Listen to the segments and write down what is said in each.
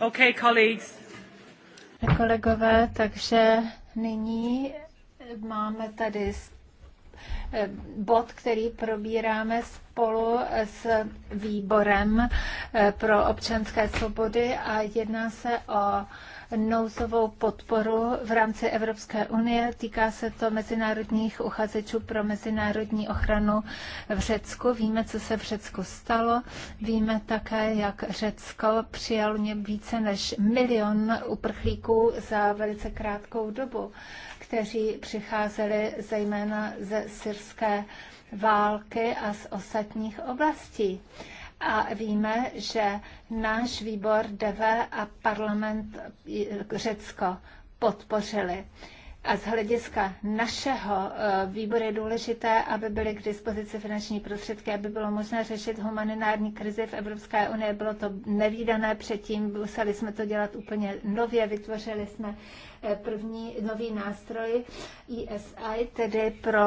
Okay, colleagues. Kolegové, takže nyní máme tady Eh, bod, který probíráme spolu s výborem eh, pro občanské svobody a jedná se o nouzovou podporu v rámci Evropské unie. Týká se to mezinárodních uchazečů pro mezinárodní ochranu v Řecku. Víme, co se v Řecku stalo. Víme také, jak Řecko přijalo více než milion uprchlíků za velice krátkou dobu kteří přicházeli zejména ze syrské války a z ostatních oblastí. A víme, že náš výbor DV a parlament Řecko podpořili. A z hlediska našeho eh, výboru je důležité, aby byly k dispozici finanční prostředky, aby bylo možné řešit humanitární krizi v Evropské unii. Bylo to nevýdané předtím, museli jsme to dělat úplně nově, vytvořili jsme Eh, první nový nástroj ESI, tedy pro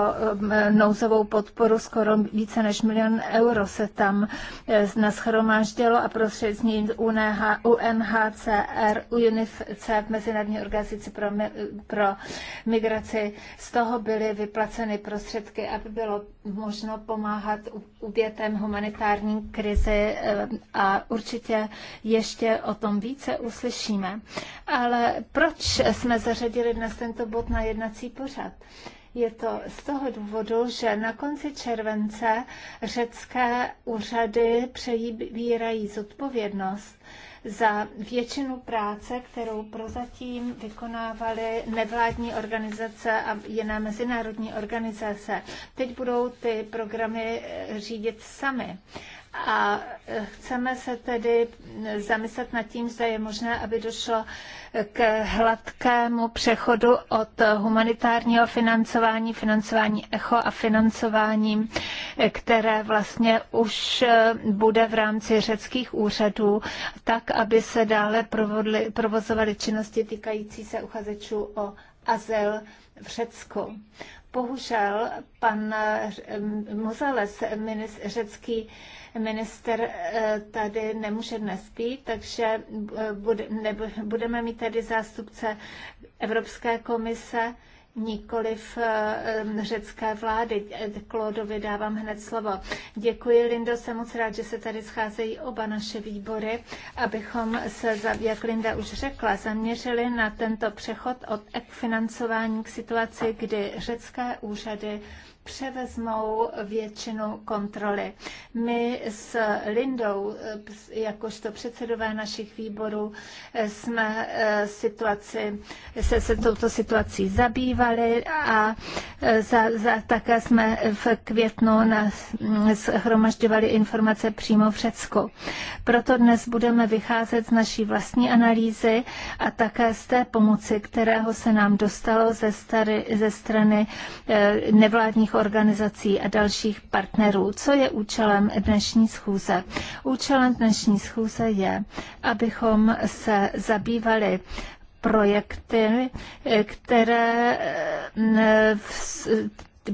eh, nouzovou podporu skoro více než milion euro se tam eh, naschromáždělo a prostřednictvím UNHCR, UNICEF, Mezinárodní organizaci pro, pro migraci, z toho byly vyplaceny prostředky, aby bylo možno pomáhat obětem humanitární krizi a určitě ještě o tom více uslyšíme. Ale proč jsme zařadili dnes tento bod na jednací pořad. Je to z toho důvodu, že na konci července řecké úřady přejíbírají zodpovědnost za většinu práce, kterou prozatím vykonávaly nevládní organizace a jiné mezinárodní organizace. Teď budou ty programy řídit sami. A e, chceme se tedy zamyslet nad tím, zda je možné, aby došlo k hladkému přechodu od humanitárního financování, financování ECHO a financováním, které vlastně už e, bude v rámci řeckých úřadů, tak, aby se dále provozovaly činnosti týkající se uchazečů o azyl v Řecku. Bohužel pan eh, Mozales řecký minister, eh, tady nemůže dnes být, takže eh, budeme mít tady zástupce Evropské komise nikoliv eh, řecké vlády. Eh, Klodovi dávám hned slovo. Děkuji, Lindo, jsem moc rád, že se tady scházejí oba naše výbory, abychom se, jak Linda už řekla, zaměřili na tento přechod od financování k situaci, kdy řecké úřady převezmou většinu kontroly. My s Lindou, jakožto předsedové našich výborů, jsme eh, situaci, se, se touto situací zabývali a eh, za, za, také jsme v květnu mm, shromažďovali informace přímo v Řecku. Proto dnes budeme vycházet z naší vlastní analýzy a také z té pomoci, kterého se nám dostalo ze, stary, ze strany eh, nevládních neziskových organizací a dalších partnerů. Co je účelem dnešní schůze? Účelem dnešní schůze je, abychom se zabývali projekty, které mm,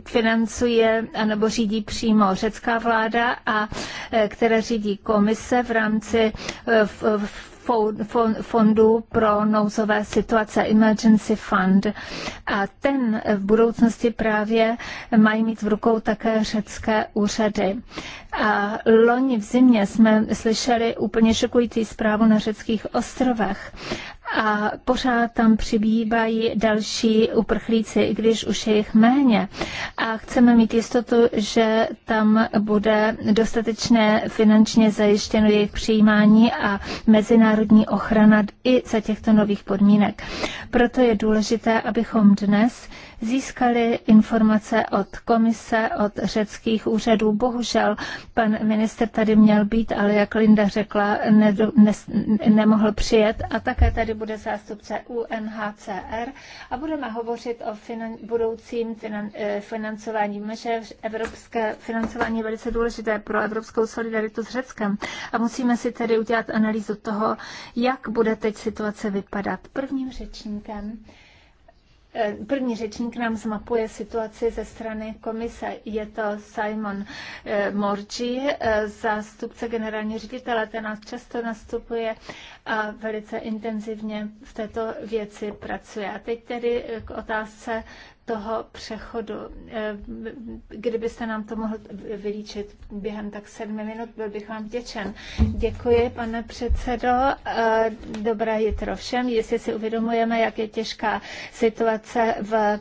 financuje anebo řídí přímo řecká vláda a e, které řídí komise v rámci e, v, v, fondu pro nouzové situace, Emergency Fund. A ten v budoucnosti právě mají mít v rukou také řecké úřady. A loni v zimě jsme slyšeli úplně šokující zprávu na řeckých ostrovech a pořád tam přibývají další uprchlíci, i když už je jich méně. A chceme mít jistotu, že tam bude dostatečné finančně zajištěno jejich přijímání a mezinárodní ochrana i za těchto nových podmínek. Proto je důležité, abychom dnes získali informace od komise, od řeckých úřadů. Bohužel pan minister tady měl být, ale jak Linda řekla, ne, ne, nemohl přijet. A také tady bude zástupce UNHCR a budeme hovořit o finan, budoucím finan, eh, financování. Víme, že evropské financování je velice důležité pro evropskou solidaritu s Řeckem. A musíme si tedy udělat analýzu toho, jak bude teď situace vypadat. Prvním řečníkem Eh, první řečník nám zmapuje situaci ze strany komise. Je to Simon eh, Morgi, eh, zástupce generální ředitele, ten nás často nastupuje a velice intenzivně v této věci pracuje. A teď tedy k otázce toho přechodu. Eh, kdybyste nám to mohl vylíčit během tak sedmi minut, byl bych vám vděčen. Děkuji, pane předsedo. Eh, dobré jitro všem. Jestli si uvědomujeme, jak je těžká situace v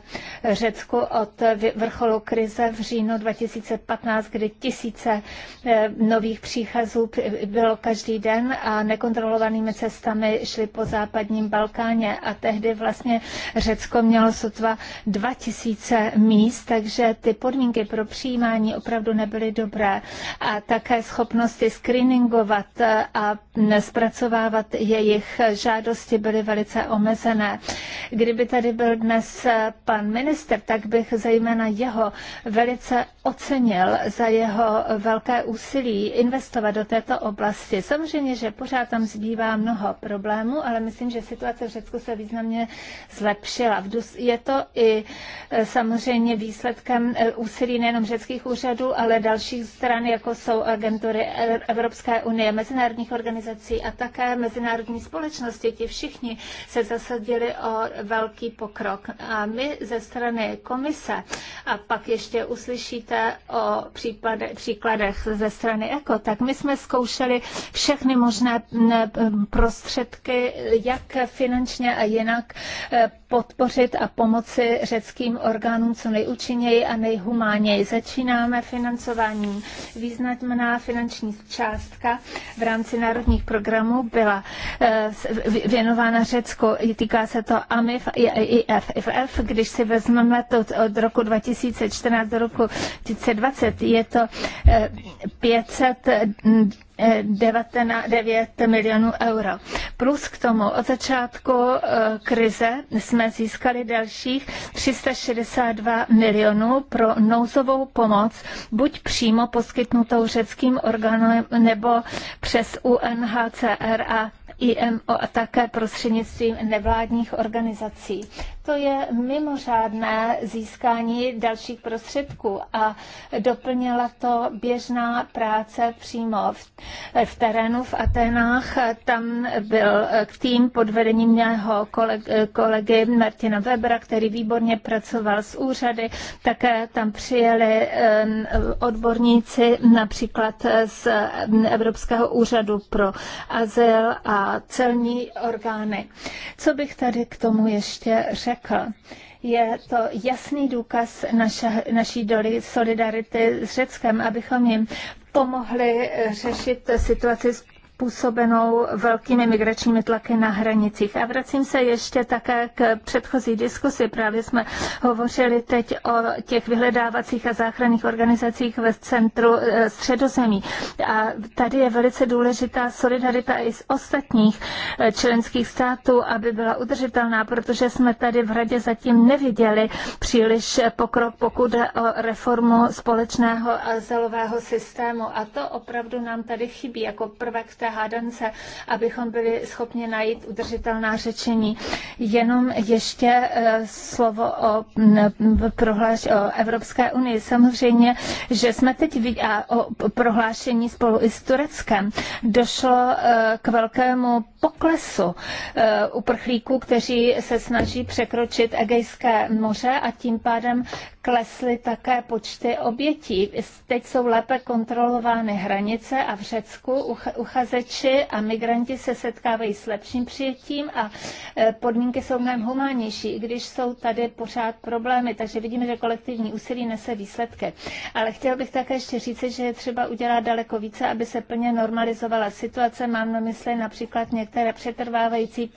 Řecku od vrcholu krize v říjnu 2015, kdy tisíce eh, nových příchazů bylo každý den a nekontrolovanými cestami šli po západním Balkáně a tehdy vlastně Řecko mělo sotva 20 tisíce míst, takže ty podmínky pro přijímání opravdu nebyly dobré. A také schopnosti screeningovat eh, a zpracovávat jejich žádosti byly velice omezené. Kdyby tady byl dnes eh, pan minister, tak bych zejména jeho velice ocenil za jeho velké úsilí investovat do této oblasti. Samozřejmě, že pořád tam zbývá mnoho problémů, ale myslím, že situace v Řecku se významně zlepšila. Je to i Eh, samozřejmě výsledkem eh, úsilí nejenom řeckých úřadů, ale dalších stran, jako jsou agentury e- Evropské unie, mezinárodních organizací a také mezinárodní společnosti. Ti všichni se zasadili o velký pokrok. A my ze strany komise a pak ještě uslyšíte o případe, příkladech ze strany ECO, tak my jsme zkoušeli všechny možné prostředky, jak finančně a jinak eh, podpořit a pomoci řeckým orgánům co nejúčinněji a nejhumánněji Začínáme financováním. Významná finanční částka v rámci národních programů byla eh, věnována Řecku. Týká se to AMIF i FFF. Když si vezmeme to od roku 2014 do roku 2020, je to eh, 509 milionů euro. Plus k tomu od začátku eh, krize jsme získali dalších 362 milionů pro nouzovou pomoc, buď přímo poskytnutou řeckým orgánem nebo přes UNHCR a IMO a také prostřednictvím nevládních organizací. To je mimořádné získání dalších prostředků a doplnila to běžná práce přímo v, v terénu v Atenách. Tam byl tým pod vedením mého kolegy Martina Webera, který výborně pracoval s úřady. Také tam přijeli odborníci například z Evropského úřadu pro azyl a celní orgány. Co bych tady k tomu ještě řekl? je to jasný důkaz naša, naší doly solidarity s Řeckem, abychom jim pomohli řešit situaci s způsobenou velkými migračními tlaky na hranicích. A vracím se ještě také k předchozí diskusi. Právě jsme hovořili teď o těch vyhledávacích a záchranných organizacích ve centru eh, středozemí. A tady je velice důležitá solidarita i z ostatních eh, členských států, aby byla udržitelná, protože jsme tady v Radě zatím neviděli příliš pokrok, pokud jde o reformu společného azylového systému. A to opravdu nám tady chybí jako prvek té své hádance, abychom byli schopni najít udržitelná řečení. Jenom ještě eh, slovo o prohláš o Evropské unii. Samozřejmě, že jsme teď vid- a o prohlášení spolu i s Tureckem došlo eh, k velkému poklesu eh, uprchlíků, kteří se snaží překročit Egejské moře a tím pádem klesly také počty obětí. Teď jsou lépe kontrolovány hranice a v Řecku uchazeči a migranti se setkávají s lepším přijetím a e, podmínky jsou mnohem humánnější, i když jsou tady pořád problémy, takže vidíme, že kolektivní úsilí nese výsledky. Ale chtěl bych také ještě říct, že je třeba udělat daleko více, aby se plně normalizovala situace. Mám na mysli například některé přetrvávající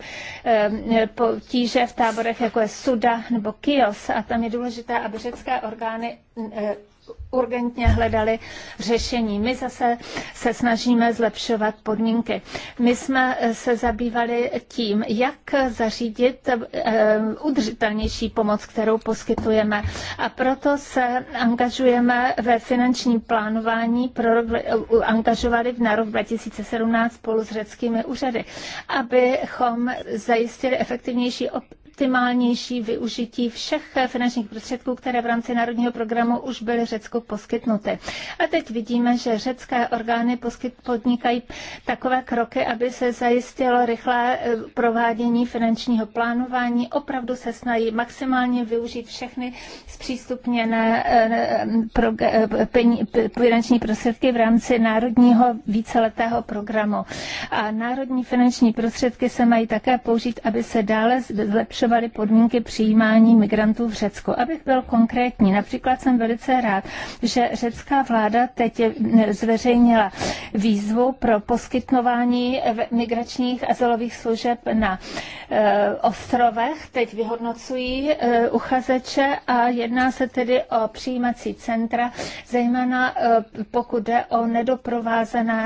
e, potíže v táborech, jako je Suda nebo Kios a tam je důležité, aby Řecko italské orgány eh, urgentně hledali řešení. My zase se snažíme zlepšovat podmínky. My jsme eh, se zabývali tím, jak zařídit eh, udržitelnější pomoc, kterou poskytujeme. A proto se angažujeme ve finanční plánování, pro rok, angažovali na rok 2017 spolu s řeckými úřady, abychom zajistili efektivnější nejoptimálnější využití všech finančních prostředků, které v rámci národního programu už byly Řecku poskytnuty. A teď vidíme, že řecké orgány poskyt, podnikají takové kroky, aby se zajistilo rychlé e, provádění finančního plánování. Opravdu se snaží maximálně využít všechny zpřístupněné e, e, finanční prostředky v rámci národního víceletého programu. A národní finanční prostředky se mají také použít, aby se dále zlepšilo zlepšovaly podmínky přijímání migrantů v Řecku. Abych byl konkrétní, například jsem velice rád, že řecká vláda teď zveřejnila výzvu pro poskytnování migračních azylových služeb na eh, ostrovech. Teď vyhodnocují eh, uchazeče a jedná se tedy o přijímací centra, zejména eh, pokud jde o nedoprovázené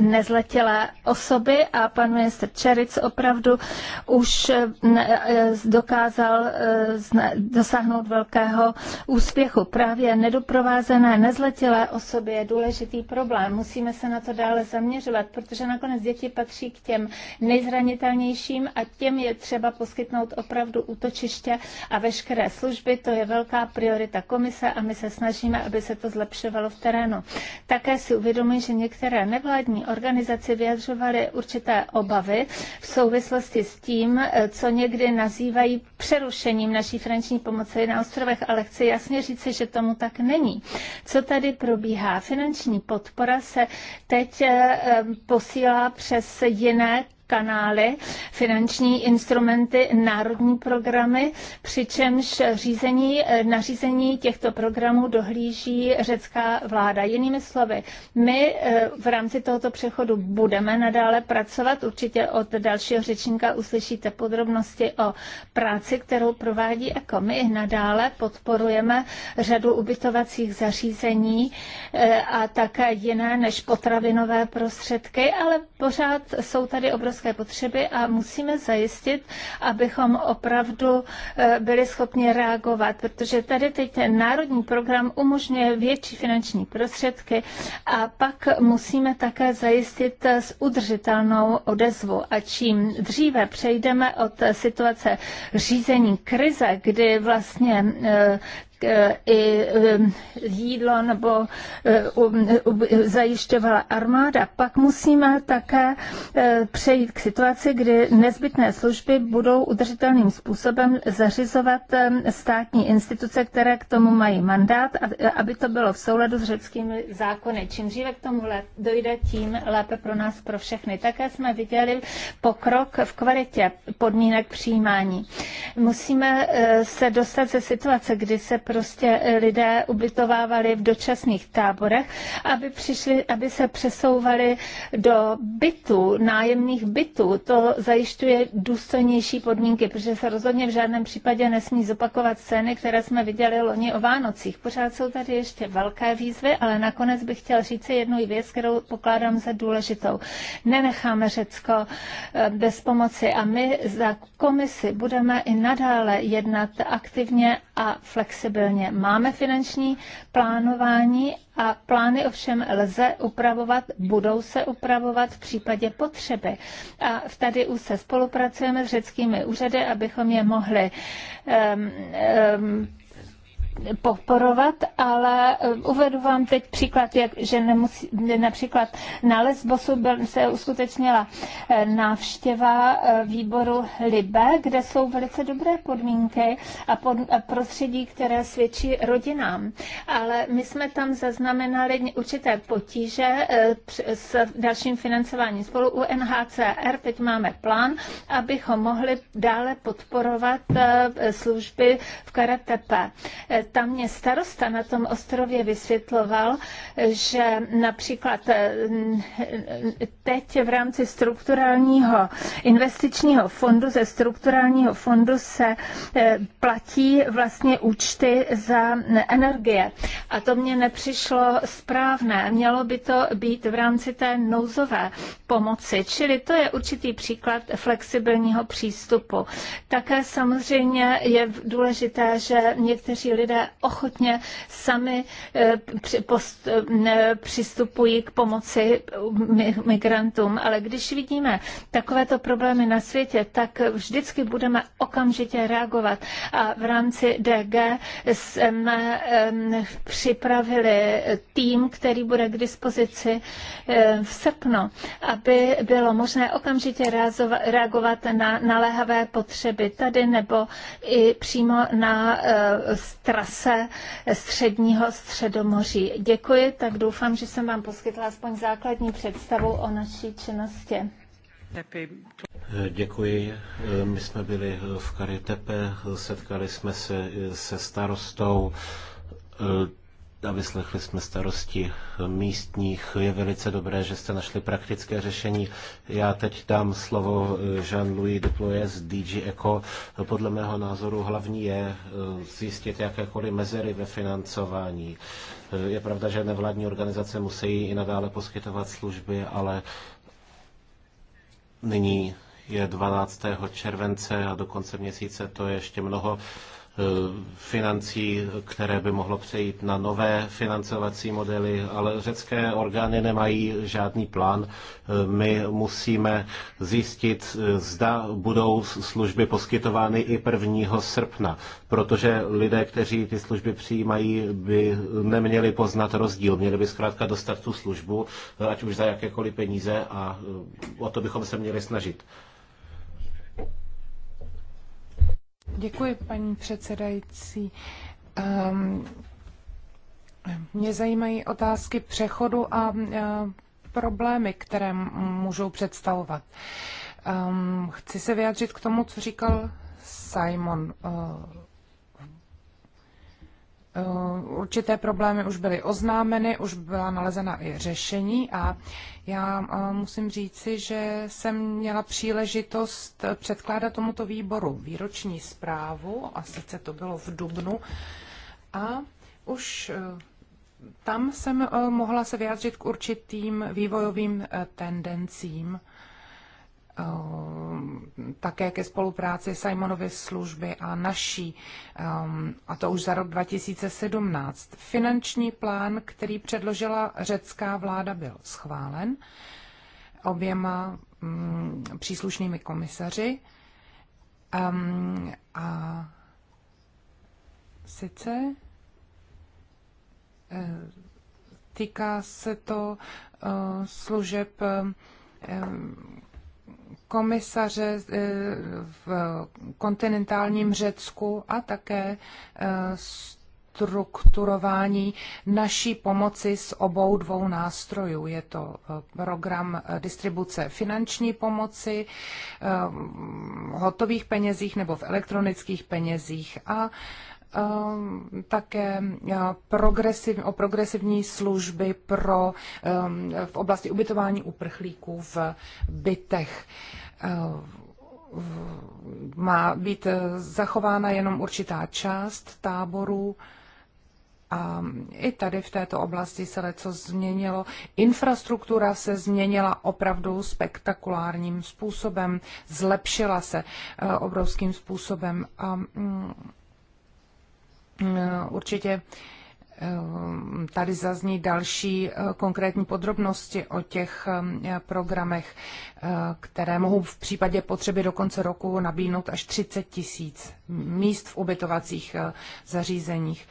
nezletilé osoby a pan ministr Čeric opravdu už Eh, eh, dokázal eh, dosáhnout velkého úspěchu. Právě nedoprovázené nezletilé osoby je důležitý problém. Musíme se na to dále zaměřovat, protože nakonec děti patří k těm nejzranitelnějším a těm je třeba poskytnout opravdu útočiště a veškeré služby. To je velká priorita komise a my se snažíme, aby se to zlepšovalo v terénu. Také si uvědomuji, že některé nevládní organizace vyjadřovaly určité obavy v souvislosti s tím, Eh, co někdy nazývají přerušením naší finanční pomoci na ostrovech, ale chci jasně říci, že tomu tak není. Co tady probíhá? Finanční podpora se teď eh, eh, posílá přes jiné kanály, finanční instrumenty, národní programy, přičemž řízení, nařízení těchto programů dohlíží řecká vláda. Jinými slovy, my eh, v rámci tohoto přechodu budeme nadále pracovat. Určitě od dalšího řečníka uslyšíte podrobnosti o práci, kterou provádí jako My nadále podporujeme řadu ubytovacích zařízení eh, a také jiné než potravinové prostředky, ale pořád jsou tady obrovské zemědělské potřeby a musíme zajistit, abychom opravdu eh, byli schopni reagovat, protože tady teď ten národní program umožňuje větší finanční prostředky a pak musíme také zajistit eh, s udržitelnou odezvu. A čím dříve přejdeme od situace řízení krize, kdy vlastně eh, Eh, i eh, jídlo nebo eh, um, um, zajišťovala armáda, pak musíme také přejít k situaci, kdy nezbytné služby budou udržitelným způsobem zařizovat státní instituce, které k tomu mají mandát, aby to bylo v souladu s řeckými zákony. Čím dříve k tomu dojde, tím lépe pro nás, pro všechny. Také jsme viděli pokrok v kvalitě podmínek přijímání. Musíme se dostat ze situace, kdy se prostě lidé ubytovávali v dočasných táborech, aby, přišli, aby se přesouvali do bytů, nájemných bytů. To zajišťuje důstojnější podmínky, protože se rozhodně v žádném případě nesmí zopakovat scény, které jsme viděli loni o Vánocích. Pořád jsou tady ještě velké výzvy, ale nakonec bych chtěl říct jednu věc, kterou pokládám za důležitou. Nenecháme Řecko eh, bez pomoci a my za komisi budeme i nadále jednat aktivně a flexibilně flexibilně. Máme finanční plánování a plány ovšem lze upravovat, budou se upravovat v případě potřeby. A tady už se spolupracujeme s řeckými úřady, abychom je mohli um, um, podporovat, ale eh, uvedu vám teď příklad, jak, že nemusí, například na Lesbosu byl, se uskutečnila eh, návštěva eh, výboru Libe, kde jsou velice dobré podmínky a, pod, a prostředí, které svědčí rodinám. Ale my jsme tam zaznamenali určité potíže s dalším financováním. Spolu u NHCR teď máme plán, abychom mohli dále podporovat služby v Karatepe tam mě starosta na tom ostrově vysvětloval, že například eh, teď v rámci strukturálního investičního fondu, ze strukturálního fondu se eh, platí vlastně účty za energie. A to mně nepřišlo správné. Mělo by to být v rámci té nouzové pomoci. Čili to je určitý příklad flexibilního přístupu. Také samozřejmě je důležité, že někteří lidé lidé ochotně sami eh, eh, přistupují k pomoci eh, migrantům. Ale když vidíme takovéto problémy na světě, tak vždycky budeme okamžitě reagovat. A v rámci DG jsme připravili tým, který bude k dispozici v srpnu, aby bylo možné okamžitě reagovat na naléhavé potřeby tady nebo i přímo na strany trase středního středomoří. Děkuji, tak doufám, že jsem vám poskytla aspoň základní představu o naší činnosti. Děkuji. My jsme byli v Karitepe, setkali jsme se se starostou a vyslechli jsme starosti místních. Je velice dobré, že jste našli praktické řešení. Já teď dám slovo eh, Jean-Louis Deploye z DG Eco. Podle mého názoru hlavní je eh, zjistit jakékoliv mezery ve financování. Eh, je pravda, že nevládní organizace musí i nadále poskytovat služby, ale nyní je 12. července a do konce měsíce to je ještě mnoho. Eh, financí, které by mohlo přejít na nové financovací modely, ale řecké orgány nemají žádný plán. Eh, my musíme zjistit, eh, zda budou služby poskytovány i 1. srpna, protože lidé, kteří ty služby přijímají, by neměli poznat rozdíl. Měli by zkrátka dostat tu službu, ať už za jakékoliv peníze a o to bychom se měli snažit. Děkuji, paní předsedající. Um, mě zajímají otázky přechodu a uh, problémy, které můžou představovat. Um, chci se vyjádřit k tomu, co říkal Simon. Uh, Eh, určité problémy už byly oznámeny, už byla nalezena i řešení a já eh, musím říci, že jsem měla příležitost předkládat tomuto výboru výroční zprávu, a sice to bylo v Dubnu, a už eh, tam jsem mohla se vyjádřit k určitým vývojovým tendencím Ehm, také ke spolupráci Simonovy služby a naší, ehm, a to už za rok 2017. Finanční plán, který předložila řecká vláda, byl schválen oběma mm, příslušnými komisaři. Ehm, a sice eh, týká se to eh, služeb komisaře eh, v kontinentálním Řecku a také eh, strukturování naší pomoci s obou dvou nástrojů. Je to eh, program distribuce finanční pomoci, hotových penězích nebo v elektronických penězích a Ehm, také eh, progresiv, o progresivní služby pro, ehm, v oblasti ubytování uprchlíků v bytech. Ehm, má být eh, zachována jenom určitá část táborů. A i tady v této oblasti se leco změnilo. Infrastruktura se změnila opravdu spektakulárním způsobem, zlepšila se eh, obrovským způsobem. A Eh, určitě eh, tady zazní další eh, konkrétní podrobnosti o těch programech, které mohou v případě potřeby do konce roku nabídnout až 30 tisíc míst v ubytovacích zařízeních.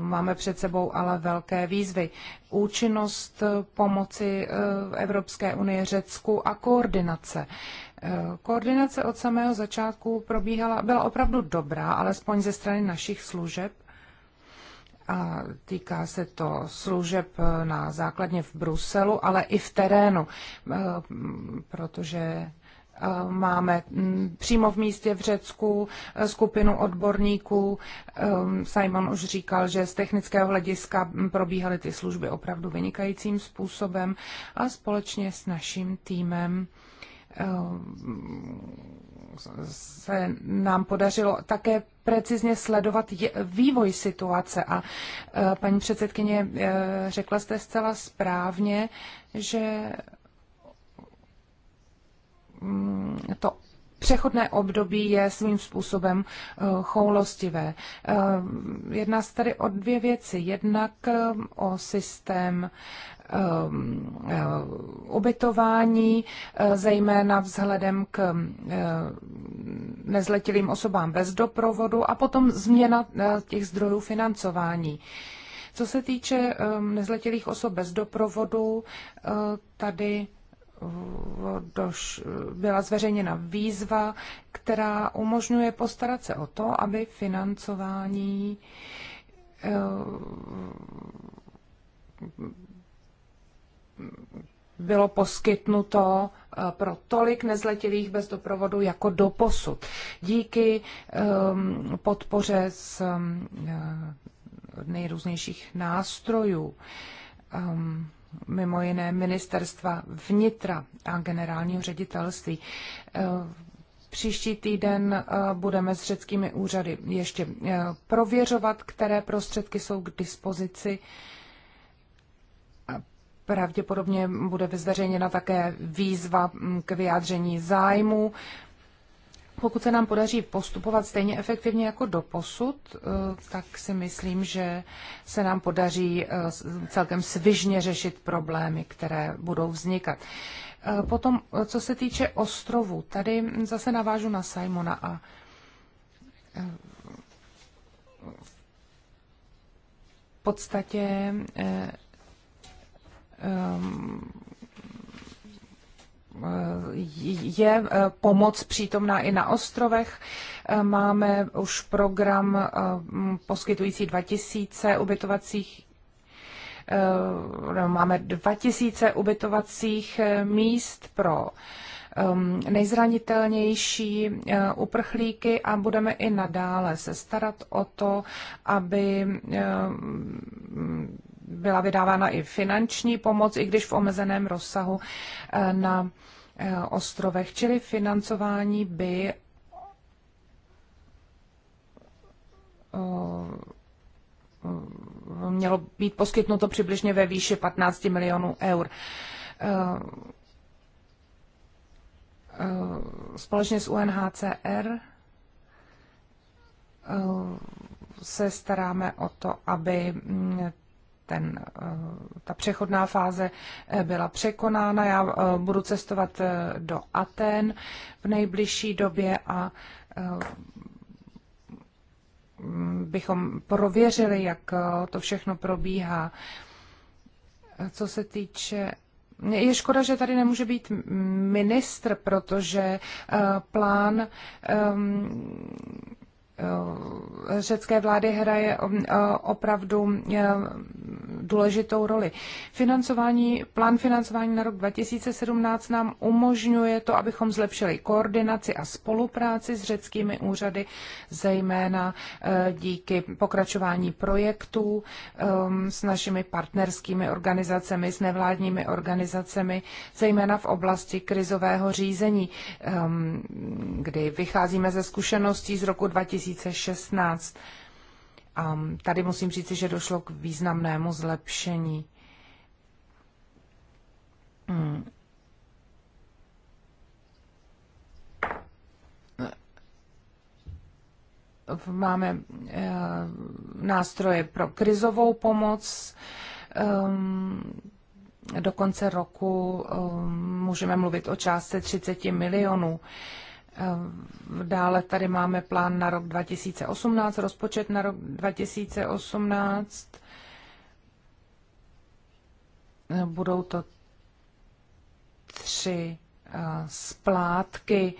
Máme před sebou ale velké výzvy. Účinnost pomoci Evropské unie Řecku a koordinace. Eh, koordinace od samého začátku probíhala, byla opravdu dobrá, alespoň ze strany našich služeb. A týká se to služeb eh, na základně v Bruselu, ale i v terénu, eh, protože Máme mm, přímo v místě v Řecku skupinu odborníků. Simon už říkal, že z technického hlediska mm, probíhaly ty služby opravdu vynikajícím způsobem a společně s naším týmem se nám podařilo také precizně sledovat vývoj situace. A e, paní předsedkyně, e, řekla jste zcela správně, že mm, to přechodné období je svým způsobem e, choulostivé. Jedná se tady o dvě věci. Jednak o systém Um, uh, ubytování, eh, zejména vzhledem k eh, nezletilým osobám bez doprovodu a potom změna eh, těch zdrojů financování. Co se týče nezletilých osob bez doprovodu, tady byla zveřejněna výzva, která umožňuje postarat se o to, aby financování bylo poskytnuto eh, pro tolik nezletilých bez doprovodu jako doposud. Díky ehm, podpoře z ehm, eh, nejrůznějších nástrojů, ehm, mimo jiné ministerstva vnitra a generálního ředitelství. Eh, příští týden budeme s řeckými úřady ještě prověřovat, které prostředky jsou k dispozici Pravděpodobně bude vyzveřejněna také výzva mm, k vyjádření zájmu. Pokud se nám podaří postupovat stejně efektivně jako do posud, eh, tak si myslím, že se nám podaří eh, celkem svižně řešit problémy, které budou vznikat. Eh, potom, co se týče ostrovu, tady zase navážu na Simona a v podstatě Ehm, je eh, pomoc přítomná i na ostrovech. Eh, máme už program ehm, poskytující 2000 ubytovacích ehm, máme 2000 ubytovacích eh, míst pro nejzranitelnější uprchlíky a budeme i nadále se starat o to, aby byla vydávána i finanční pomoc, i když v omezeném rozsahu eh, na eh, ostrovech, čili financování by eh, mělo být poskytnuto přibližně ve výši 15 milionů eur. Společně s UNHCR se staráme o to, aby mm, ten, eh, ta přechodná fáze eh, byla překonána. Já eh, budu cestovat do Aten v nejbližší době a bychom prověřili, jak to všechno probíhá. Co se týče je škoda, že tady nemůže být ministr, protože plán ehm, Eh, řecké vlády hraje eh, opravdu eh, důležitou roli. Financování, plán financování na rok 2017 nám umožňuje to, abychom zlepšili koordinaci a spolupráci s řeckými úřady, zejména díky pokračování projektů ehm, s našimi partnerskými organizacemi, s nevládními organizacemi, zejména v oblasti krizového řízení, ehm, kdy vycházíme ze zkušeností z roku 2000 2016. A tady musím říci, že došlo k významnému zlepšení. Hmm. Máme eh, nástroje pro krizovou pomoc. Ehm, do konce roku ehm, můžeme mluvit o částce 30 milionů. Ehm, dále tady máme plán na rok 2018, rozpočet na rok 2018. Ehm, budou to tři ehm, splátky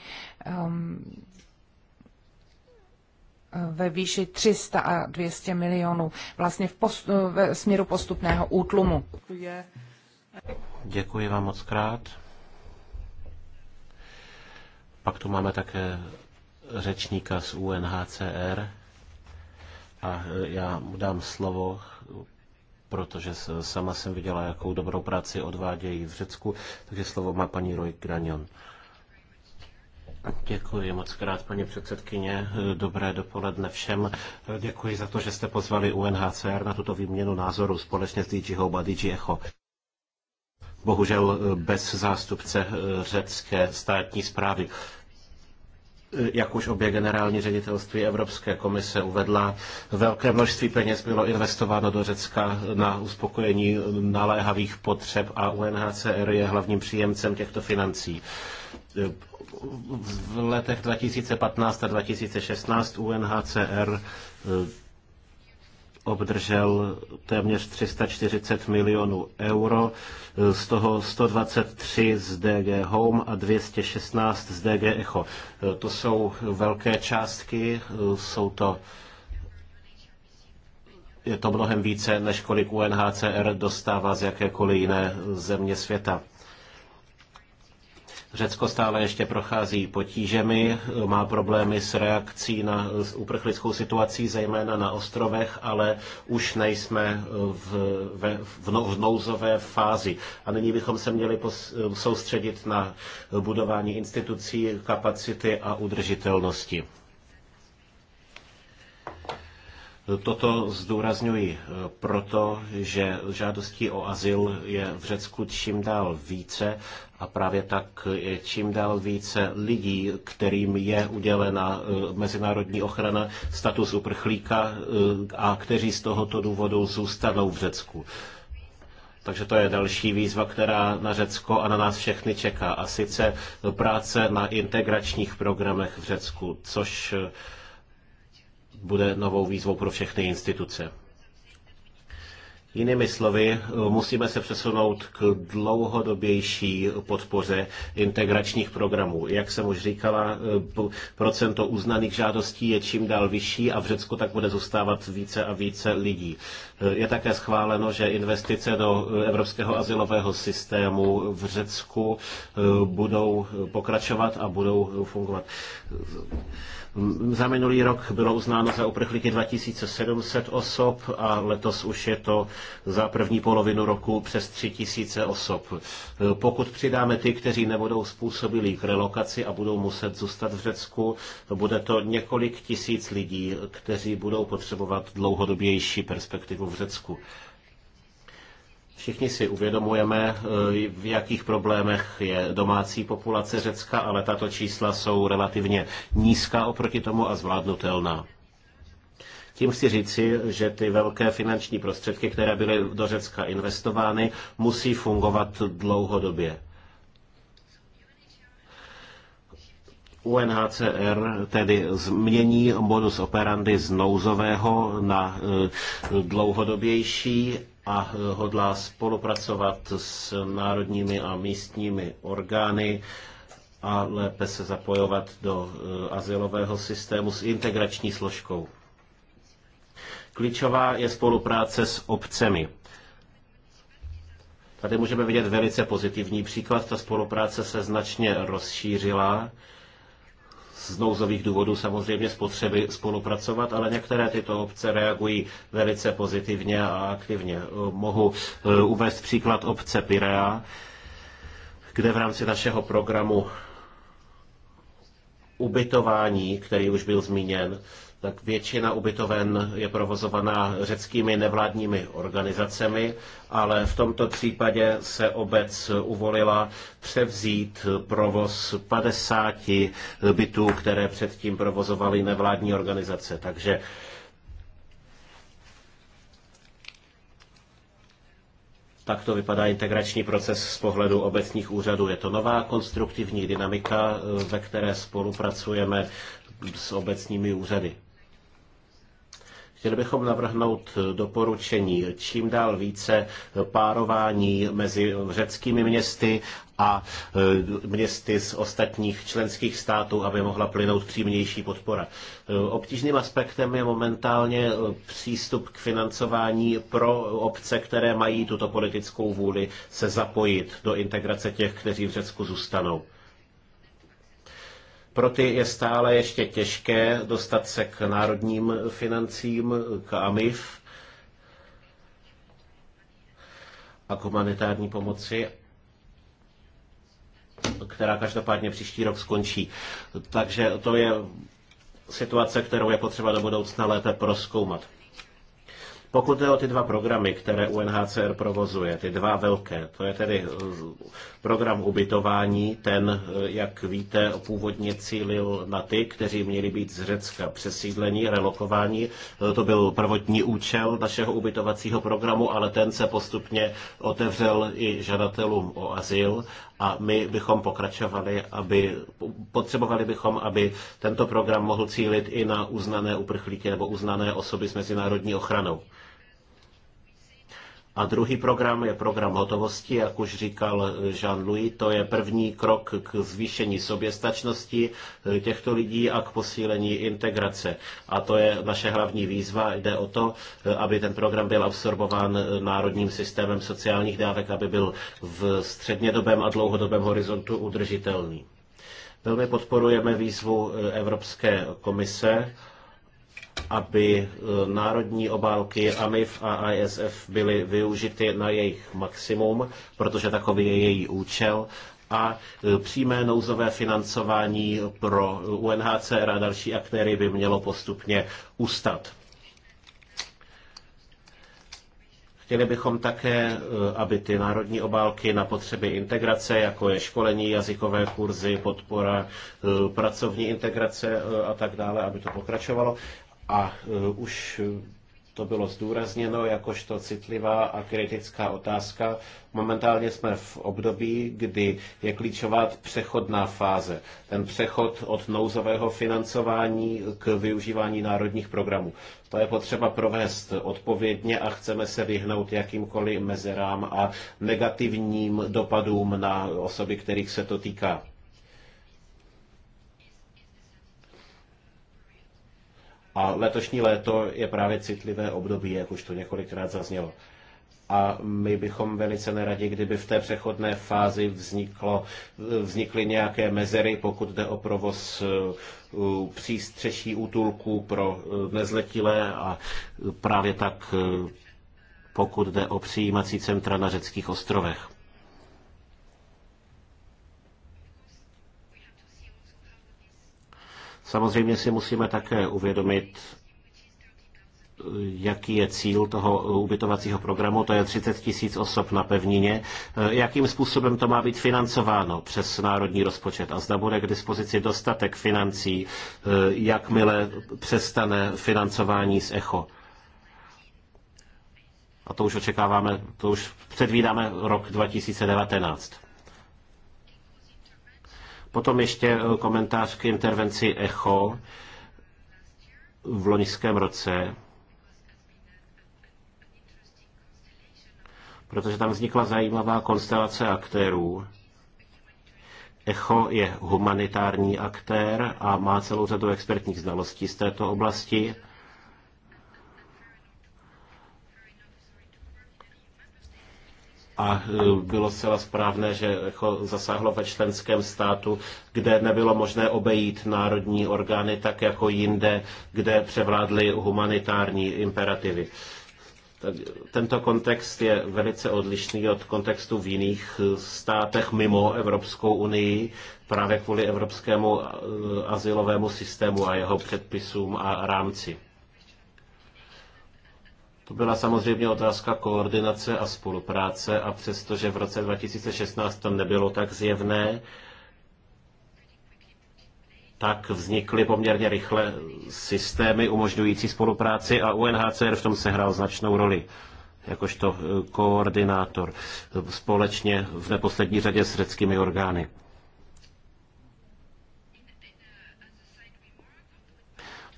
ve výši 300 a 200 milionů, vlastně v, post, v směru postupného útlumu. Děkuji vám moc krát. Pak tu máme také řečníka z UNHCR a e, já mu dám slovo, protože sama jsem viděla, jakou dobrou práci odvádějí v Řecku, takže slovo má paní Roy Granion. Děkuji moc krát, paní předsedkyně. Dobré dopoledne všem. Děkuji za to, že jste pozvali UNHCR na tuto výměnu názoru společně s DG Hope a DG Echo. Bohužel e, bez zástupce e, řecké státní zprávy jak už obě generální ředitelství Evropské komise uvedla, velké množství peněz bylo investováno do Řecka na uspokojení naléhavých potřeb a UNHCR je hlavním příjemcem těchto financí v letech 2015 a 2016 UNHCR obdržel téměř 340 milionů euro, z toho 123 z DG Home a 216 z DG Echo. To jsou velké částky, jsou to je to mnohem více, než kolik UNHCR dostává z jakékoliv jiné země světa. Řecko stále ještě prochází potížemi, má problémy s reakcí na uprchlickou situací, zejména na ostrovech, ale už nejsme v, v, v, no, v nouzové fázi. A nyní bychom se měli pos, soustředit na budování institucí, kapacity a udržitelnosti. Toto zdůrazňuji eh, proto, že žádostí o azyl je v Řecku čím dál více a právě tak je čím dál více lidí, kterým je udělena eh, mezinárodní ochrana status uprchlíka eh, a kteří z tohoto důvodu zůstanou v Řecku. Takže to je další výzva, která na Řecko a na nás všechny čeká. A sice práce na integračních programech v Řecku, což bude novou výzvou pro všechny instituce. Jinými slovy, musíme se přesunout k dlouhodobější podpoře integračních programů. Jak jsem už říkala, procento uznaných žádostí je čím dál vyšší a v Řecku tak bude zůstávat více a více lidí. Je také schváleno, že investice do evropského asilového systému v Řecku eh, budou pokračovat a budou fungovat. Za minulý rok bylo uznáno za uprchlíky 2700 osob a letos už je to za první polovinu roku přes 3000 osob. Pokud přidáme ty, kteří nebudou způsobili k relokaci a budou muset zůstat v Řecku, to bude to několik tisíc lidí, kteří budou potřebovat dlouhodobější perspektivu v Řecku. Všichni si uvědomujeme, eh, v jakých problémech je domácí populace Řecka, ale tato čísla jsou relativně nízká oproti tomu a zvládnutelná. Tím chci říci, že ty velké finanční prostředky, které byly do Řecka investovány, musí fungovat dlouhodobě. UNHCR tedy změní modus operandi z nouzového na eh, dlouhodobější a eh, hodlá spolupracovat s národními a místními orgány a lépe se zapojovat do eh, azylového systému s integrační složkou. Klíčová je spolupráce s obcemi. Tady můžeme vidět velice pozitivní příklad. Ta spolupráce se značně rozšířila z nouzových důvodů samozřejmě spotřeby spolupracovat, ale některé tyto obce reagují velice pozitivně a aktivně. Mohu eh, uvést příklad obce Pirea, kde v rámci našeho programu ubytování, který už byl zmíněn, tak většina ubytoven je provozovaná řeckými nevládními organizacemi, ale v tomto případě se obec uvolila převzít provoz 50 bytů, které předtím provozovaly nevládní organizace. Takže Tak to vypadá integrační proces z pohledu obecních úřadů. Je to nová konstruktivní dynamika, ve které spolupracujeme s obecními úřady. Chtěli bychom navrhnout doporučení čím dál více párování mezi řeckými městy a e, městy z ostatních členských států, aby mohla plynout přímější podpora. E, obtížným aspektem je momentálně e, přístup k financování pro obce, které mají tuto politickou vůli se zapojit do integrace těch, kteří v Řecku zůstanou. Pro ty je stále ještě těžké dostat se k národním financím, k AMIF a k humanitární pomoci, která každopádně příští rok skončí. Takže to je situace, kterou je potřeba do budoucna lépe proskoumat. Pokud jde o ty dva programy, které UNHCR provozuje, ty dva velké, to je tedy Program ubytování, ten, eh, jak víte, původně cílil na ty, kteří měli být z Řecka přesídlení, relokováni. Eh, to byl prvotní účel našeho ubytovacího programu, ale ten se postupně otevřel i žadatelům o azyl a my bychom pokračovali, aby, potřebovali bychom, aby tento program mohl cílit i na uznané uprchlíky nebo uznané osoby s mezinárodní ochranou. A druhý program je program hotovosti, jak už říkal Jean-Louis, to je první krok k zvýšení soběstačnosti těchto lidí a k posílení integrace. A to je naše hlavní výzva. Jde o to, aby ten program byl absorbován národním systémem sociálních dávek, aby byl v střednědobém a dlouhodobém horizontu udržitelný. Velmi podporujeme výzvu Evropské komise aby e, národní obálky AMIF a ISF byly využity na jejich maximum, protože takový je její účel a e, přímé nouzové financování pro UNHCR a další aktéry by mělo postupně ustat. Chtěli bychom také, e, aby ty národní obálky na potřeby integrace, jako je školení, jazykové kurzy, podpora pracovní integrace a tak dále, aby to pokračovalo. A e, už to bylo zdůrazněno jakožto citlivá a kritická otázka. Momentálně jsme v období, kdy je klíčová přechodná fáze. Ten přechod od nouzového financování k využívání národních programů. To je potřeba provést odpovědně a chceme se vyhnout jakýmkoliv mezerám a negativním dopadům na osoby, kterých se to týká. A letošní léto je právě citlivé období, jak už to několikrát zaznělo. A my bychom velice neradi, kdyby v té přechodné fázi vzniklo, vznikly nějaké mezery, pokud jde o provoz přístřeší útulků pro e, nezletilé a právě tak e, pokud jde o přijímací centra na řeckých ostrovech. Samozřejmě si musíme také uvědomit, jaký je cíl toho ubytovacího programu, to je 30 tisíc osob na pevnině. Jakým způsobem to má být financováno přes národní rozpočet a zda bude k dispozici dostatek financí, jakmile přestane financování z ECHO. A to už očekáváme, to už předvídáme rok 2019. Potom ještě eh, komentář k intervenci ECHO v loňském roce, protože tam vznikla zajímavá konstelace aktérů. ECHO je humanitární aktér a má celou řadu expertních znalostí z této oblasti. a e, bylo zcela správné, že jako zasáhlo ve členském státu, kde nebylo možné obejít národní orgány tak jako jinde, kde převládly humanitární imperativy. Tento kontext je velice odlišný od kontextu v jiných e, státech mimo Evropskou unii, právě kvůli evropskému e, asilovému systému a jeho předpisům a rámci. To byla samozřejmě otázka koordinace a spolupráce a přestože v roce 2016 to nebylo tak zjevné, tak vznikly poměrně rychle systémy umožňující spolupráci a UNHCR v tom sehrál značnou roli jakožto eh, koordinátor eh, společně v neposlední řadě s řeckými orgány.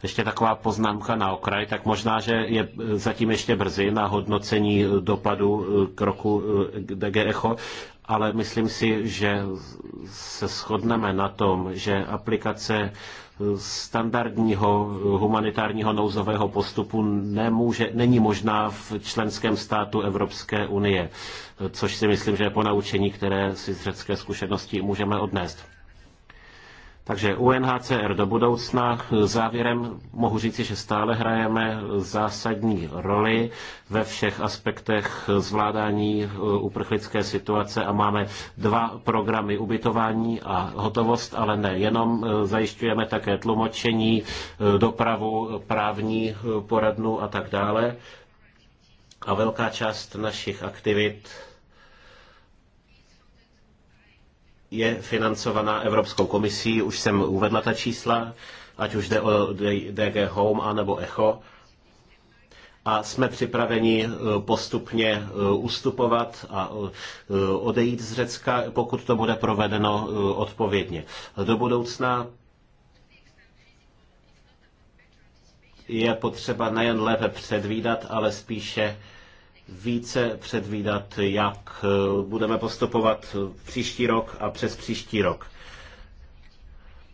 Ještě taková poznámka na okraj, tak možná, že je zatím ještě brzy na hodnocení dopadu eh, kroku eh, DG Echo, ale myslím si, že se shodneme na tom, že aplikace eh, standardního humanitárního nouzového postupu nemůže, není možná v členském státu Evropské unie, což si myslím, že je ponaučení, které si z řecké zkušenosti můžeme odnést. Takže UNHCR do budoucna. Závěrem mohu říci, že stále hrajeme zásadní roli ve všech aspektech zvládání eh, uprchlické situace a máme dva programy ubytování a hotovost, ale ne jenom. Eh, zajišťujeme také tlumočení, eh, dopravu, právní poradnu a tak dále. A velká část našich aktivit je financovaná Evropskou komisí, už jsem uvedla ta čísla, ať už jde o DG Home a nebo ECHO. A jsme připraveni e, postupně e, ustupovat a e, odejít z Řecka, pokud to bude provedeno odpovědně. Do budoucna je potřeba nejen lépe předvídat, ale spíše více předvídat, jak eh, budeme postupovat příští rok a přes příští rok.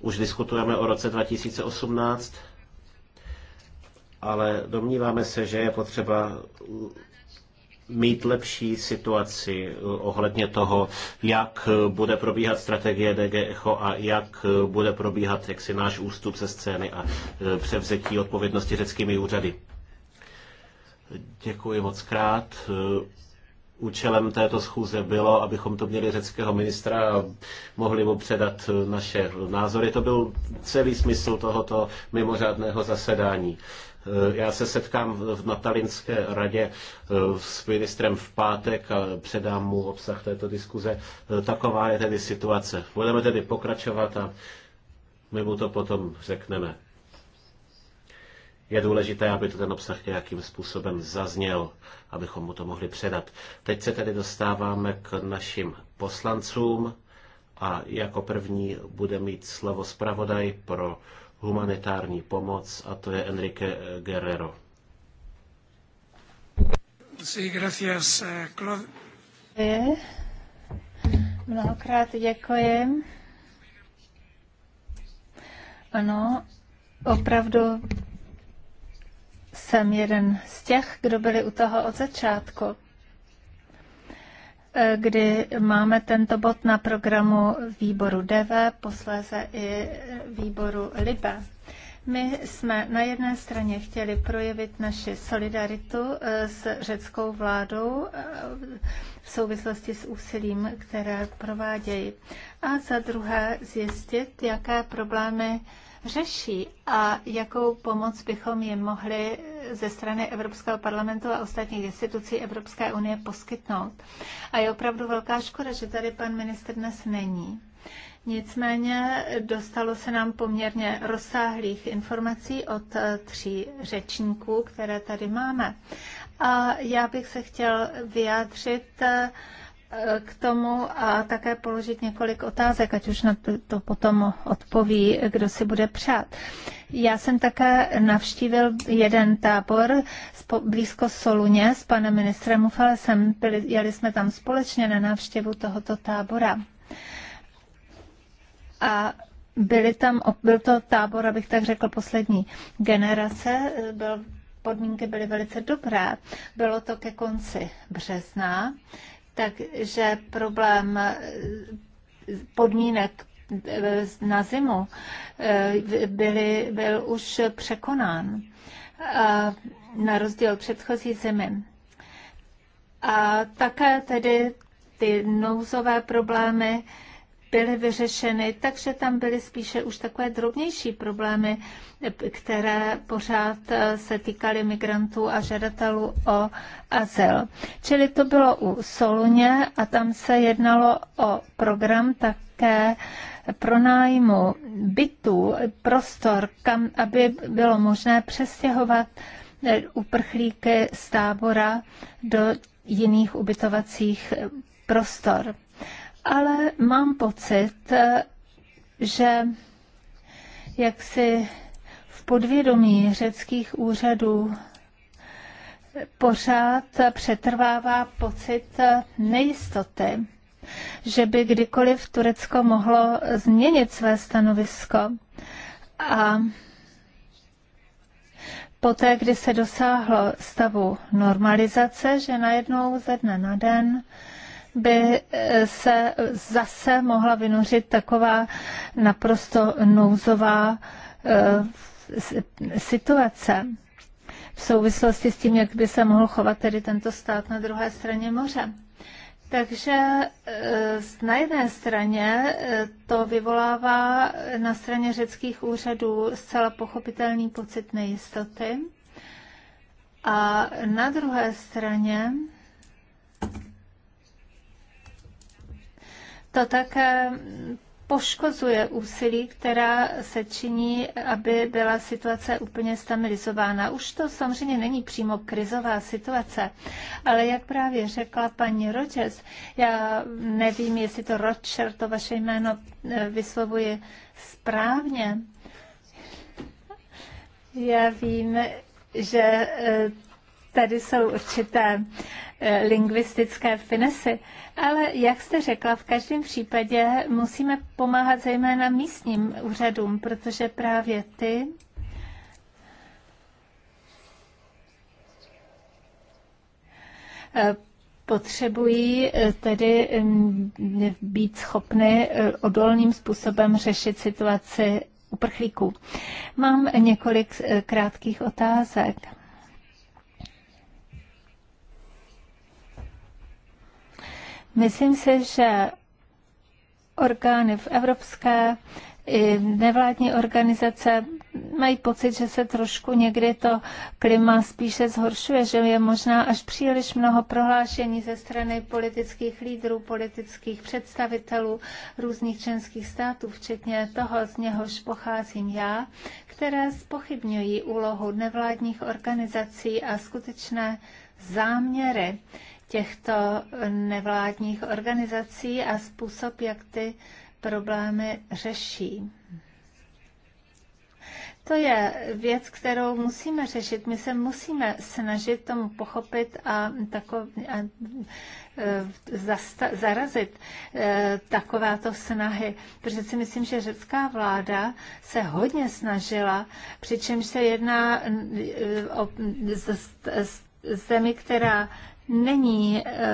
Už diskutujeme o roce 2018, ale domníváme se, že je potřeba mít lepší situaci eh, ohledně toho, jak eh, bude probíhat strategie DG Echo a jak bude probíhat jaksi náš ústup ze scény a převzetí odpovědnosti řeckými úřady. Děkuji moc krát. Účelem této schůze bylo, abychom to měli řeckého ministra a mohli mu předat naše názory. To byl celý smysl tohoto mimořádného zasedání. Já se setkám v Natalinské radě eh, s ministrem v pátek a předám mu obsah této diskuze. Eh, taková je tedy situace. Budeme tedy pokračovat a my mu to potom řekneme je důležité, aby to ten obsah nějakým způsobem zazněl, abychom mu to mohli předat. Teď se tedy dostáváme k našim poslancům a jako první bude mít slovo zpravodaj pro humanitární pomoc a to je Enrique Guerrero. Sí, gracias, eh, Claude. Eh, mnohokrát děkujem. Ano, opravdu jsem jeden z těch, kdo byli u toho od začátku, eh, kdy máme tento bod na programu výboru DV, posléze i výboru LIBE. My jsme na jedné straně chtěli projevit naši solidaritu eh, s řeckou vládou eh, v souvislosti s úsilím, které provádějí. A za druhé zjistit, jaké problémy řeší a jakou pomoc bychom jim mohli ze strany Evropského parlamentu a ostatních institucí Evropské unie poskytnout. A je opravdu velká škoda, že tady pan minister dnes není. Nicméně dostalo se nám poměrně rozsáhlých informací od eh, tří řečníků, které tady máme. A já bych se chtěl vyjádřit eh, k tomu a také položit několik otázek, ať už na to, to potom odpoví, kdo si bude přát. Já jsem také navštívil jeden tábor blízko Soluně s panem ministrem Ufalesem. Byli, jeli jsme tam společně na návštěvu tohoto tábora. A byli tam, byl to tábor, abych tak řekl, poslední generace. Byl, podmínky byly velice dobré. Bylo to ke konci března takže problém podmínek na zimu eh, byly, byl už překonán eh, na rozdíl od předchozí zimy. A také tedy ty nouzové problémy byly vyřešeny, takže tam byly spíše už takové drobnější problémy, které pořád eh, se týkaly migrantů a žadatelů o azyl. Čili to bylo u Soluně a tam se jednalo o program také pronájmu bytů, prostor, kam, aby bylo možné přestěhovat eh, uprchlíky z tábora do jiných ubytovacích eh, prostor ale mám pocit, že jak si v podvědomí řeckých úřadů pořád přetrvává pocit nejistoty, že by kdykoliv Turecko mohlo změnit své stanovisko. A poté, kdy se dosáhlo stavu normalizace, že najednou ze dne na den by eh, se zase mohla vynořit taková naprosto nouzová eh, situace v souvislosti s tím, jak by se mohl chovat tedy tento stát na druhé straně moře. Takže eh, na jedné straně to vyvolává na straně řeckých úřadů zcela pochopitelný pocit nejistoty a na druhé straně to také poškozuje úsilí, která se činí, aby byla situace úplně stabilizována. Už to samozřejmě není přímo krizová situace, ale jak právě řekla paní Rogers, já nevím, jestli to Roger, to vaše jméno eh, vyslovuje správně. Já vím, že eh, tady jsou určité Eh, lingvistické finesy, ale jak jste řekla, v každém případě musíme pomáhat zejména místním úřadům, protože právě ty eh, potřebují eh, tedy mm, být schopny odolným způsobem řešit situaci uprchlíků. Mám několik krátkých otázek. Myslím si, že orgány v Evropské i nevládní organizace mají pocit, že se trošku někdy to klima spíše zhoršuje, že je možná až příliš mnoho prohlášení ze strany politických lídrů, politických představitelů různých členských států, včetně toho, z něhož pocházím já, které spochybňují úlohu nevládních organizací a skutečné záměry těchto nevládních organizací a způsob, jak ty problémy řeší. To je věc, kterou musíme řešit. My se musíme snažit tomu pochopit a, tako, a e, zasta, zarazit e, takováto snahy, protože si myslím, že řecká vláda se hodně snažila, přičemž se jedná e, o zemi, která není eh,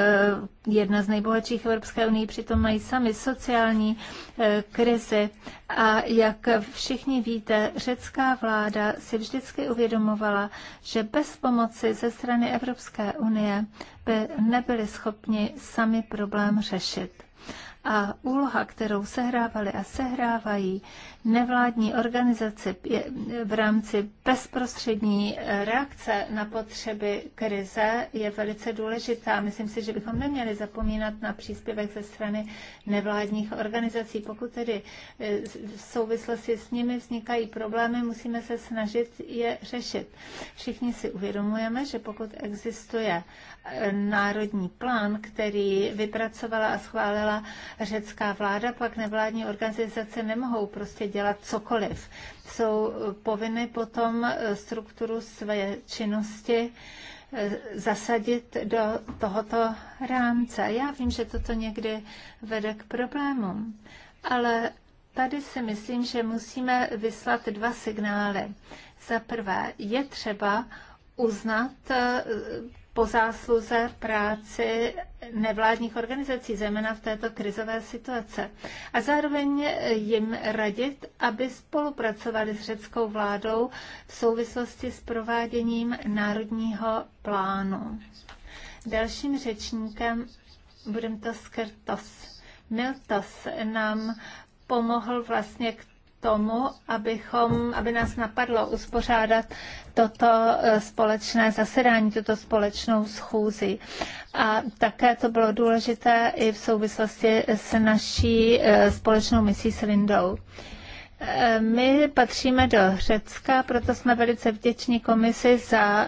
jedna z nejbohatších Evropské unii, přitom mají sami sociální eh, krizi. A jak všichni víte, řecká vláda si vždycky uvědomovala, že bez pomoci ze strany Evropské unie by nebyli schopni sami problém řešit. A úloha, kterou sehrávaly a sehrávají nevládní organizace v rámci bezprostřední eh, reakce na potřeby krize, je velice důležitá. Myslím si, že bychom neměli zapomínat na příspěvek ze strany nevládních organizací. Pokud tedy eh, v souvislosti s nimi vznikají problémy, musíme se snažit je řešit. Všichni si uvědomujeme, že pokud existuje národní plán, který vypracovala a schválila řecká vláda, pak nevládní organizace nemohou prostě dělat cokoliv. Jsou povinny potom strukturu své činnosti eh, zasadit do tohoto rámce. Já vím, že toto někdy vede k problémům, ale tady si myslím, že musíme vyslat dva signály. Za prvé, je třeba uznat eh, po zásluze práci nevládních organizací, zejména v této krizové situace. A zároveň jim radit, aby spolupracovali s řeckou vládou v souvislosti s prováděním národního plánu. Dalším řečníkem budem to skrtos. Miltos nám pomohl vlastně k tomu, abychom, aby nás napadlo uspořádat toto eh, společné zasedání, tuto společnou schůzi. A také to bylo důležité i v souvislosti s naší eh, společnou misí s Lindou. My patříme do Řecka, proto jsme velice vděční komisi za e,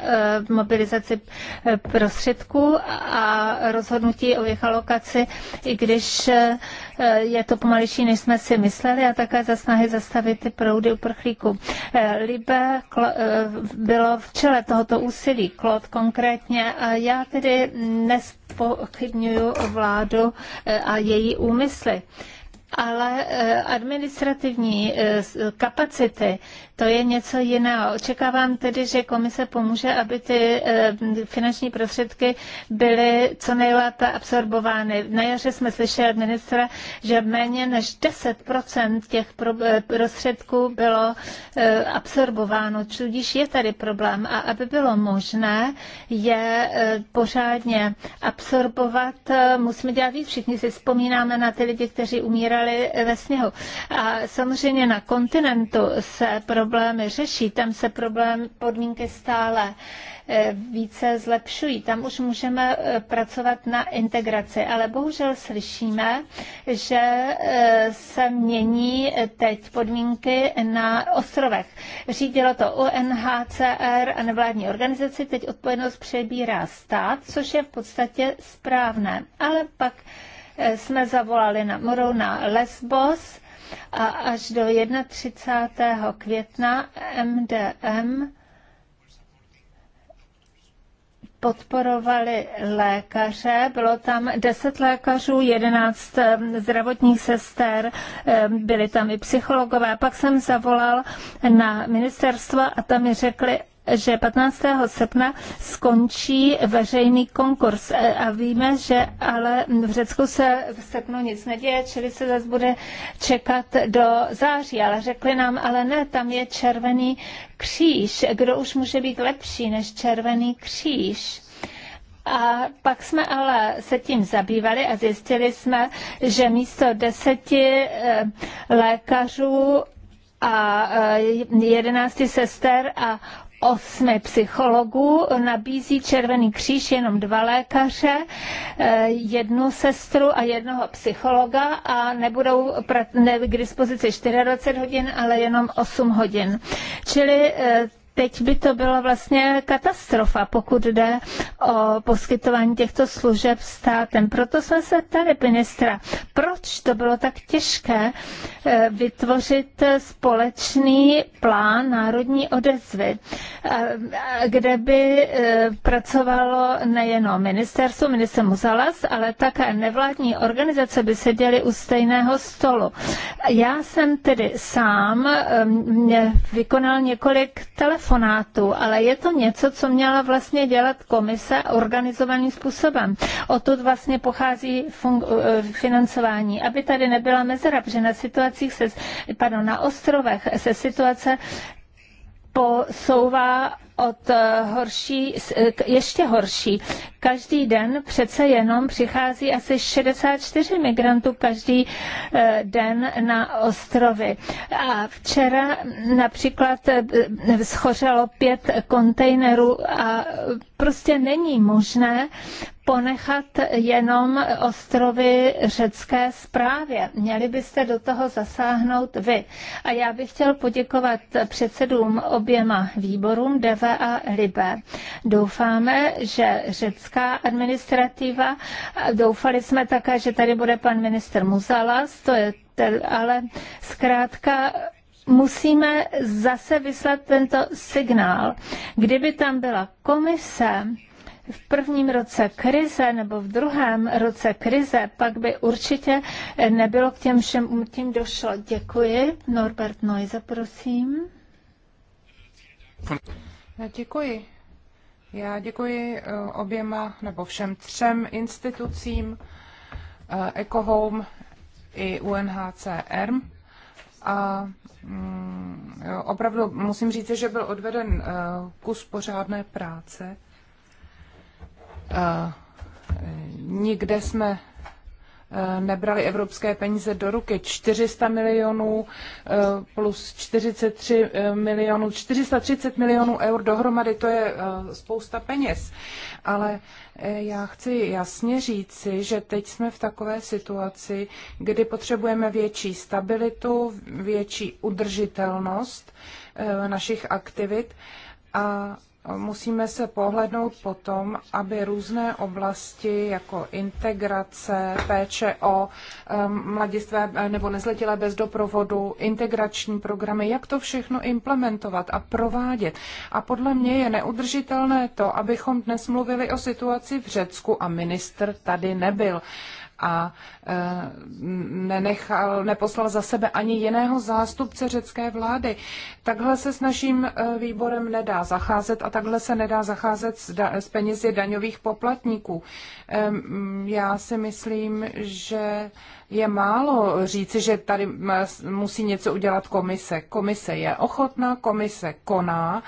mobilizaci e, prostředků a rozhodnutí o jejich alokaci, i když e, je to pomalejší, než jsme si mysleli, a také za snahy zastavit ty proudy uprchlíků. Libe bylo v čele tohoto úsilí, Klod konkrétně, a já tedy nespochybnuju vládu a její úmysly ale eh, administrativní eh, kapacity to je něco jiného. Očekávám tedy, že komise pomůže, aby ty eh, finanční prostředky byly co nejlépe absorbovány. Na jaře jsme slyšeli od ministra, že méně než 10% těch eh, prostředků bylo eh, absorbováno, čudíž je tady problém. A aby bylo možné je pořádně absorbovat, musíme dělat víc. Všichni si vzpomínáme na ty lidi, kteří umírali ve sněhu. A samozřejmě na kontinentu se problém problémy řeší, tam se problém podmínky stále eh, více zlepšují. Tam už můžeme eh, pracovat na integraci, ale bohužel slyšíme, že eh, se mění teď podmínky na ostrovech. Řídilo to UNHCR a nevládní organizaci, teď odpovědnost přebírá stát, což je v podstatě správné. Ale pak jsme zavolali na Morou na Lesbos, a až do 31. května MDM podporovali lékaře. Bylo tam 10 lékařů, 11 ehm, zdravotních sester, ehm, byli tam i psychologové. Pak jsem zavolal na ministerstvo a tam mi řekli, že 15. srpna skončí veřejný konkurs e, a víme, že ale v Řecku se v srpnu nic neděje, čili se zase bude čekat do září, ale řekli nám, ale ne, tam je červený kříž. Kdo už může být lepší než červený kříž? A pak jsme ale se tím zabývali a zjistili jsme, že místo deseti e, lékařů a e, jedenácti sester a osmi psychologů, nabízí Červený kříž jenom dva lékaře, eh, jednu sestru a jednoho psychologa a nebudou ne, k dispozici 24 hodin, ale jenom 8 hodin. Čili eh, teď by to byla vlastně katastrofa, pokud jde o poskytování těchto služeb státem. Proto jsme se tady ministra proč to bylo tak těžké eh, vytvořit eh, společný plán národní odezvy, eh, kde by pracovalo nejenom ministerstvo, minister Muzalas, ale také nevládní organizace by seděly u stejného stolu. Já jsem tedy sám vykonal několik telefonátů, ale je to něco, co měla vlastně dělat komise organizovaným způsobem. O to vlastně pochází financování financování, aby tady nebyla mezera, protože na situacích se, pardon, na ostrovech se situace posouvá od eh, horší, eh, ještě horší. Každý den přece jenom přichází asi 64 migrantů každý eh, den na ostrovy. A včera například schořelo pět kontejnerů a prostě není možné ponechat jenom ostrovy řecké zprávě. Měli byste do toho zasáhnout vy. A já bych chtěl poděkovat předsedům oběma výborům Deve a Libe. Doufáme, že řecká administrativa, doufali jsme také, že tady bude pan minister Muzalas, to je ten, ale zkrátka musíme zase vyslat tento signál. Kdyby tam byla komise, v prvním roce krize nebo v druhém roce krize, pak by určitě nebylo k těm všem umrtím došlo. Děkuji. Norbert Noise, prosím. Děkuji. Já děkuji eh, oběma nebo všem třem institucím, eh, EcoHome i UNHCR. A mm, opravdu musím říct, že byl odveden eh, kus pořádné práce. Eh, nikde jsme eh, nebrali evropské peníze do ruky. 400 milionů eh, plus 43 milionů, 430 milionů eur dohromady, to je spousta peněz. Ale já chci jasně říci, že teď jsme v takové situaci, kdy potřebujeme větší stabilitu, větší udržitelnost našich aktivit a musíme se pohlednout po tom, aby různé oblasti jako integrace, péče o mladistvé eh, nebo nezletilé bez doprovodu, integrační programy, jak to všechno implementovat a provádět. A podle mě je neudržitelné to, abychom dnes mluvili o situaci v Řecku a ministr tady nebyl a e, nenechal, neposlal za sebe ani jiného zástupce řecké vlády. Takhle se s naším e, výborem nedá zacházet a takhle se nedá zacházet s, da- s penězi daňových poplatníků. Já si myslím, že je málo říci, že tady musí něco udělat komise. Komise je ochotná, komise koná.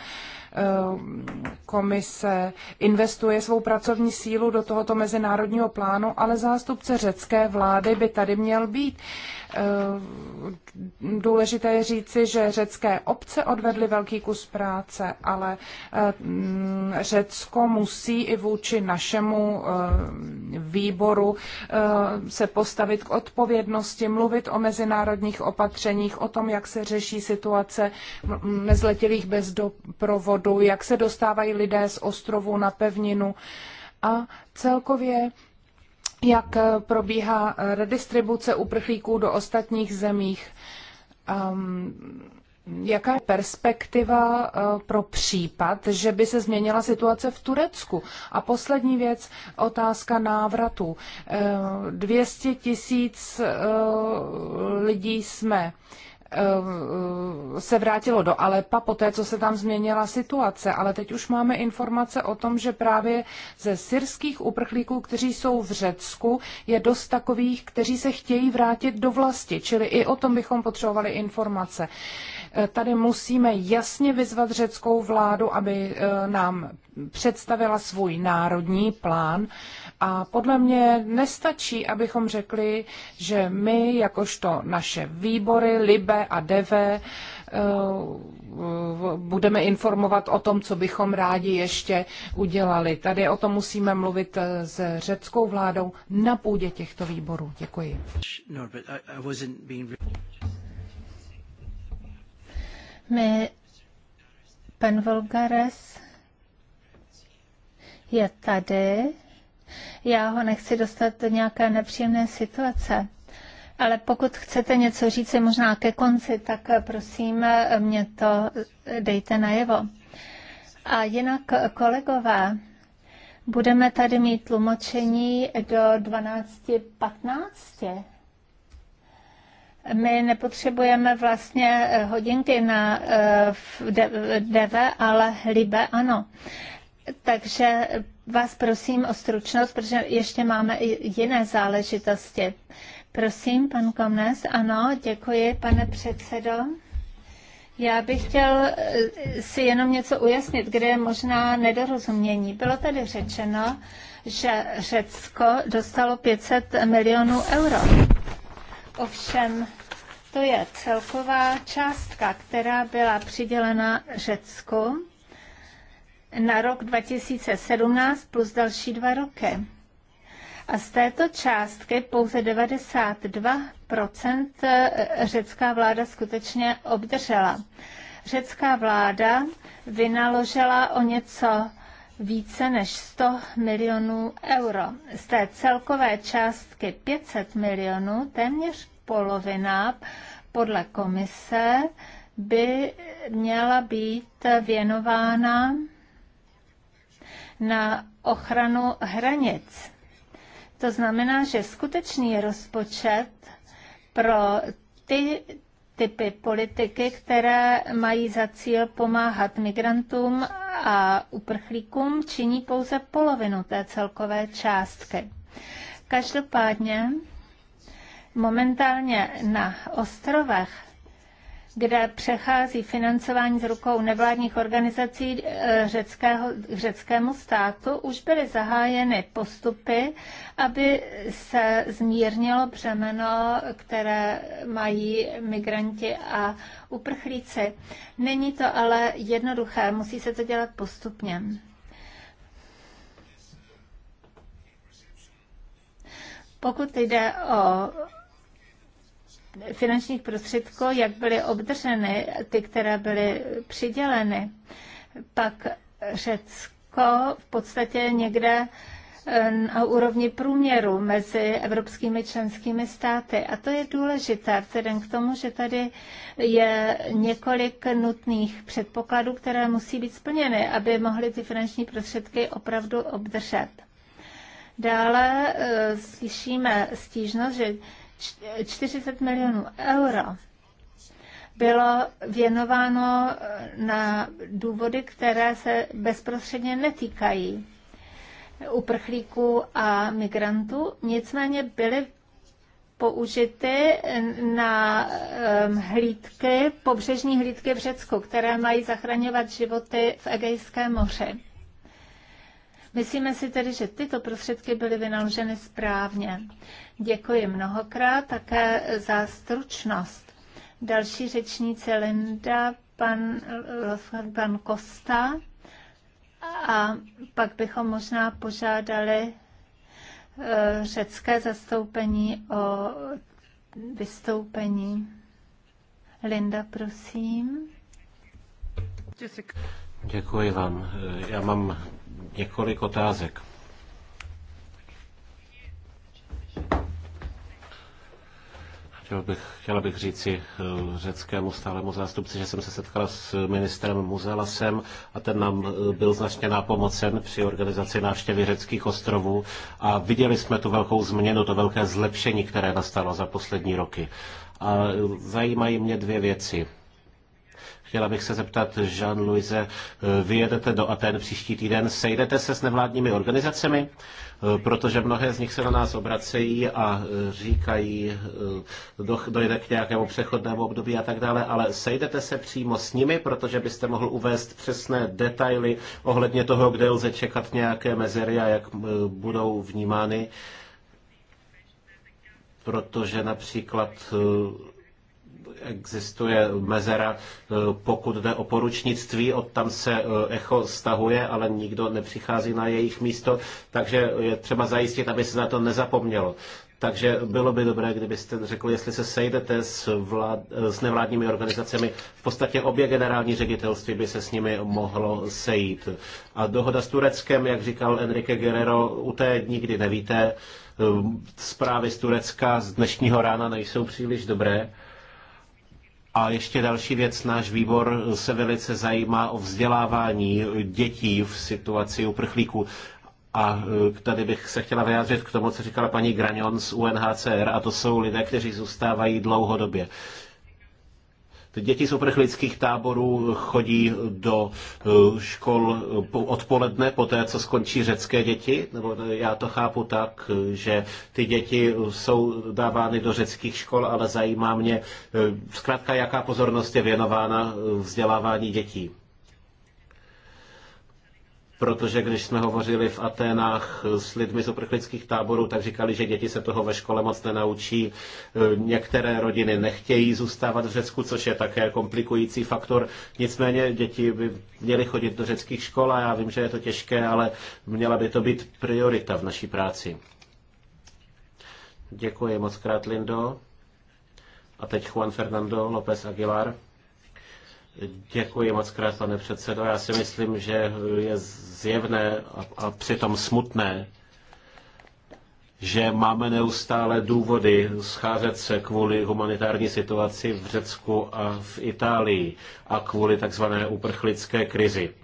Eh, komise investuje svou pracovní sílu do tohoto mezinárodního plánu, ale zástupce řecké vlády by tady měl být. Eh, důležité je říci, že řecké obce odvedly velký kus práce, ale eh, Řecko musí i vůči našemu eh, výboru se postavit k odpovědnosti, mluvit o mezinárodních opatřeních, o tom, jak se řeší situace nezletilých bez doprovodu, jak se dostávají lidé z ostrovů na pevninu a celkově jak eh, probíhá eh, redistribuce uprchlíků do ostatních zemích. Ehm, jaká je perspektiva eh, pro případ, že by se změnila situace v Turecku? A poslední věc, otázka návratu. 200 ehm, tisíc lidí jsme Eh, se vrátilo do Alepa po té, co se tam změnila situace, ale teď už máme informace o tom, že právě ze syrských uprchlíků, kteří jsou v Řecku, je dost takových, kteří se chtějí vrátit do vlasti, čili i o tom bychom potřebovali informace. Eh, tady musíme jasně vyzvat řeckou vládu, aby eh, nám představila svůj národní plán, a podle mě nestačí, abychom řekli, že my, jakožto naše výbory, Libe a Deve, eh, budeme informovat o tom, co bychom rádi ještě udělali. Tady o tom musíme mluvit eh, s řeckou vládou na půdě těchto výborů. Děkuji. My, pan Volgares je tady já ho nechci dostat do nějaké nepříjemné situace. Ale pokud chcete něco říct možná ke konci, tak eh, prosím, eh, mě to eh, dejte najevo. A jinak, kolegové, budeme tady mít tlumočení do 12.15. My nepotřebujeme vlastně hodinky na DV, ale libe ano. Takže vás prosím o stručnost, protože ještě máme i jiné záležitosti. Prosím, pan Komnes. Ano, děkuji, pane předsedo. Já bych chtěl eh, si jenom něco ujasnit, kde je možná nedorozumění. Bylo tady řečeno, že Řecko dostalo 500 milionů euro. Ovšem, to je celková částka, která byla přidělena Řecku na rok 2017 plus další dva roky. A z této částky pouze 92 eh, řecká vláda skutečně obdržela. Řecká vláda vynaložila o něco více než 100 milionů euro. Z té celkové částky 500 milionů, téměř polovina podle komise, by měla být věnována na ochranu hranic. To znamená, že skutečný rozpočet pro ty typy politiky, které mají za cíl pomáhat migrantům a uprchlíkům, činí pouze polovinu té celkové částky. Každopádně momentálně na ostrovech kde přechází financování z rukou nevládních organizací eh, řeckého, řeckému státu, už byly zahájeny postupy, aby se zmírnilo břemeno, které mají migranti a uprchlíci. Není to ale jednoduché, musí se to dělat postupně. Pokud jde o finančních prostředků, jak byly obdrženy, ty, které byly přiděleny. Pak Řecko v podstatě někde eh, na úrovni průměru mezi evropskými členskými státy. A to je důležité vzhledem k tomu, že tady je několik nutných předpokladů, které musí být splněny, aby mohly ty finanční prostředky opravdu obdržet. Dále eh, slyšíme stížnost, že 40 milionů euro bylo věnováno eh, na důvody, které se bezprostředně netýkají uprchlíků a migrantů, nicméně byly použity na ehm, hlídky, pobřežní hlídky v Řecku, které mají zachraňovat životy v Egejském moři. Myslíme si tedy, že tyto prostředky byly vynaloženy správně. Děkuji mnohokrát také za stručnost. Další řečnice Linda, pan, eh, pan Kosta a pak bychom možná požádali eh, řecké zastoupení o vystoupení. Linda, prosím. Děkuji vám. Já mám několik otázek. Chtěl bych, chtěla bych říci eh, řeckému stálemu zástupci, že jsem se setkala s ministrem Muzelasem a ten nám eh, byl značně nápomocen při organizaci návštěvy řeckých ostrovů a viděli jsme tu velkou změnu, to velké zlepšení, které nastalo za poslední roky. A eh, zajímají mě dvě věci. Chtěla bych se zeptat, Jean-Louise, eh, vyjedete do Aten příští týden, sejdete se s nevládními organizacemi? Eh, protože mnohé z nich se na nás obracejí a eh, říkají, dojde k nějakému přechodnému období a tak dále, ale sejdete se přímo s nimi, protože byste mohl uvést přesné detaily ohledně toho, kde lze čekat nějaké mezery a jak budou vnímány protože například existuje mezera, e, pokud jde o poručnictví, od tam se e, echo stahuje, ale nikdo nepřichází na jejich místo, takže je třeba zajistit, aby se na to nezapomnělo. Takže bylo by dobré, kdybyste řekl, jestli se sejdete s, vlád, e, s nevládními organizacemi, v podstatě obě generální ředitelství by se s nimi mohlo sejít. A dohoda s Tureckem, jak říkal Enrique Guerrero, u té nikdy nevíte. Zprávy z Turecka z dnešního rána nejsou příliš dobré. A ještě další věc, náš výbor se velice zajímá o vzdělávání dětí v situaci uprchlíků. A e, tady bych se chtěla vyjádřit k tomu, co říkala paní Granion z UNHCR, a to jsou lidé, kteří zůstávají dlouhodobě. Děti z uprchlických táborů chodí do eh, škol eh, odpoledne, po té, co skončí řecké děti, nebo eh, já to chápu tak, že ty děti jsou dávány do řeckých škol, ale zajímá mě zkrátka, jaká pozornost je věnována vzdělávání dětí protože když jsme hovořili v Aténách s lidmi z uprchlických táborů, tak říkali, že děti se toho ve škole moc nenaučí. E, některé rodiny nechtějí zůstávat v Řecku, což je také komplikující faktor. Nicméně děti by měly chodit do řeckých škol a já vím, že je to těžké, ale měla by to být priorita v naší práci. Děkuji moc krát, Lindo. A teď Juan Fernando López Aguilar. Děkuji moc krát, pane předsedo. Já si myslím, že je zjevné a, a přitom smutné, že máme neustále důvody scházet se kvůli humanitární situaci v Řecku a v Itálii a kvůli takzvané uprchlické krizi.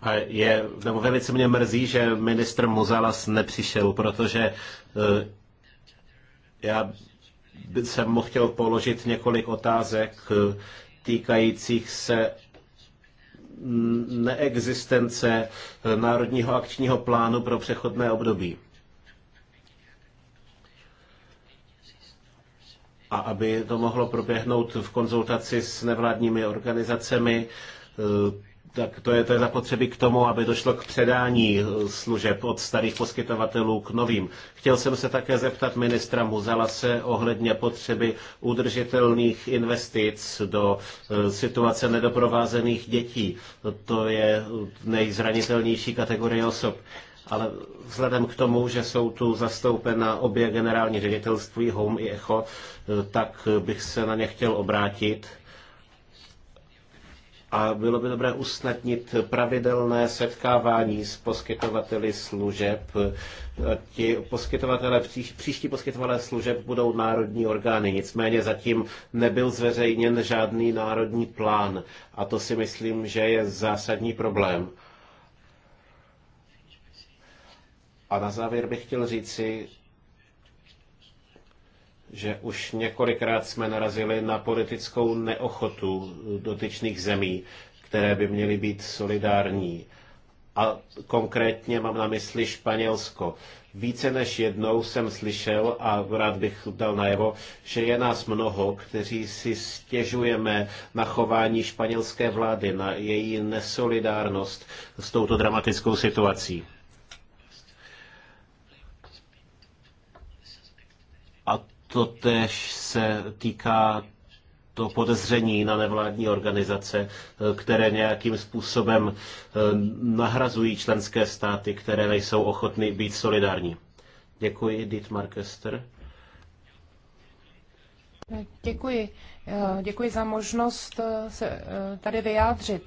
A je, nebo velice mě mrzí, že ministr Muzalas nepřišel, protože eh, já jsem mu chtěl položit několik otázek eh, týkajících se neexistence eh, Národního akčního plánu pro přechodné období. A aby to mohlo proběhnout v konzultaci s nevládními organizacemi, eh, tak to je, to je zapotřebí k tomu, aby došlo k předání eh, služeb od starých poskytovatelů k novým. Chtěl jsem se také zeptat ministra se ohledně potřeby udržitelných investic do eh, situace nedoprovázených dětí. To je eh, nejzranitelnější kategorie osob. Ale vzhledem k tomu, že jsou tu zastoupena obě generální ředitelství, Home i Echo, tak bych se na ně chtěl obrátit a bylo by dobré usnadnit pravidelné setkávání s poskytovateli služeb. Ti poskytovatele, příš, příští poskytovatelé služeb budou národní orgány, nicméně zatím nebyl zveřejněn žádný národní plán a to si myslím, že je zásadní problém. A na závěr bych chtěl říci, že už několikrát jsme narazili na politickou neochotu dotyčných zemí, které by měly být solidární. A konkrétně mám na mysli Španělsko. Více než jednou jsem slyšel a rád bych dal najevo, že je nás mnoho, kteří si stěžujeme na chování španělské vlády, na její nesolidárnost s touto dramatickou situací. To tež se týká to podezření na nevládní organizace, které nějakým způsobem eh, nahrazují členské státy, které nejsou ochotny být solidární. Děkuji, Dietmar Markester. Děkuji. Eh, děkuji za možnost eh, se tady vyjádřit.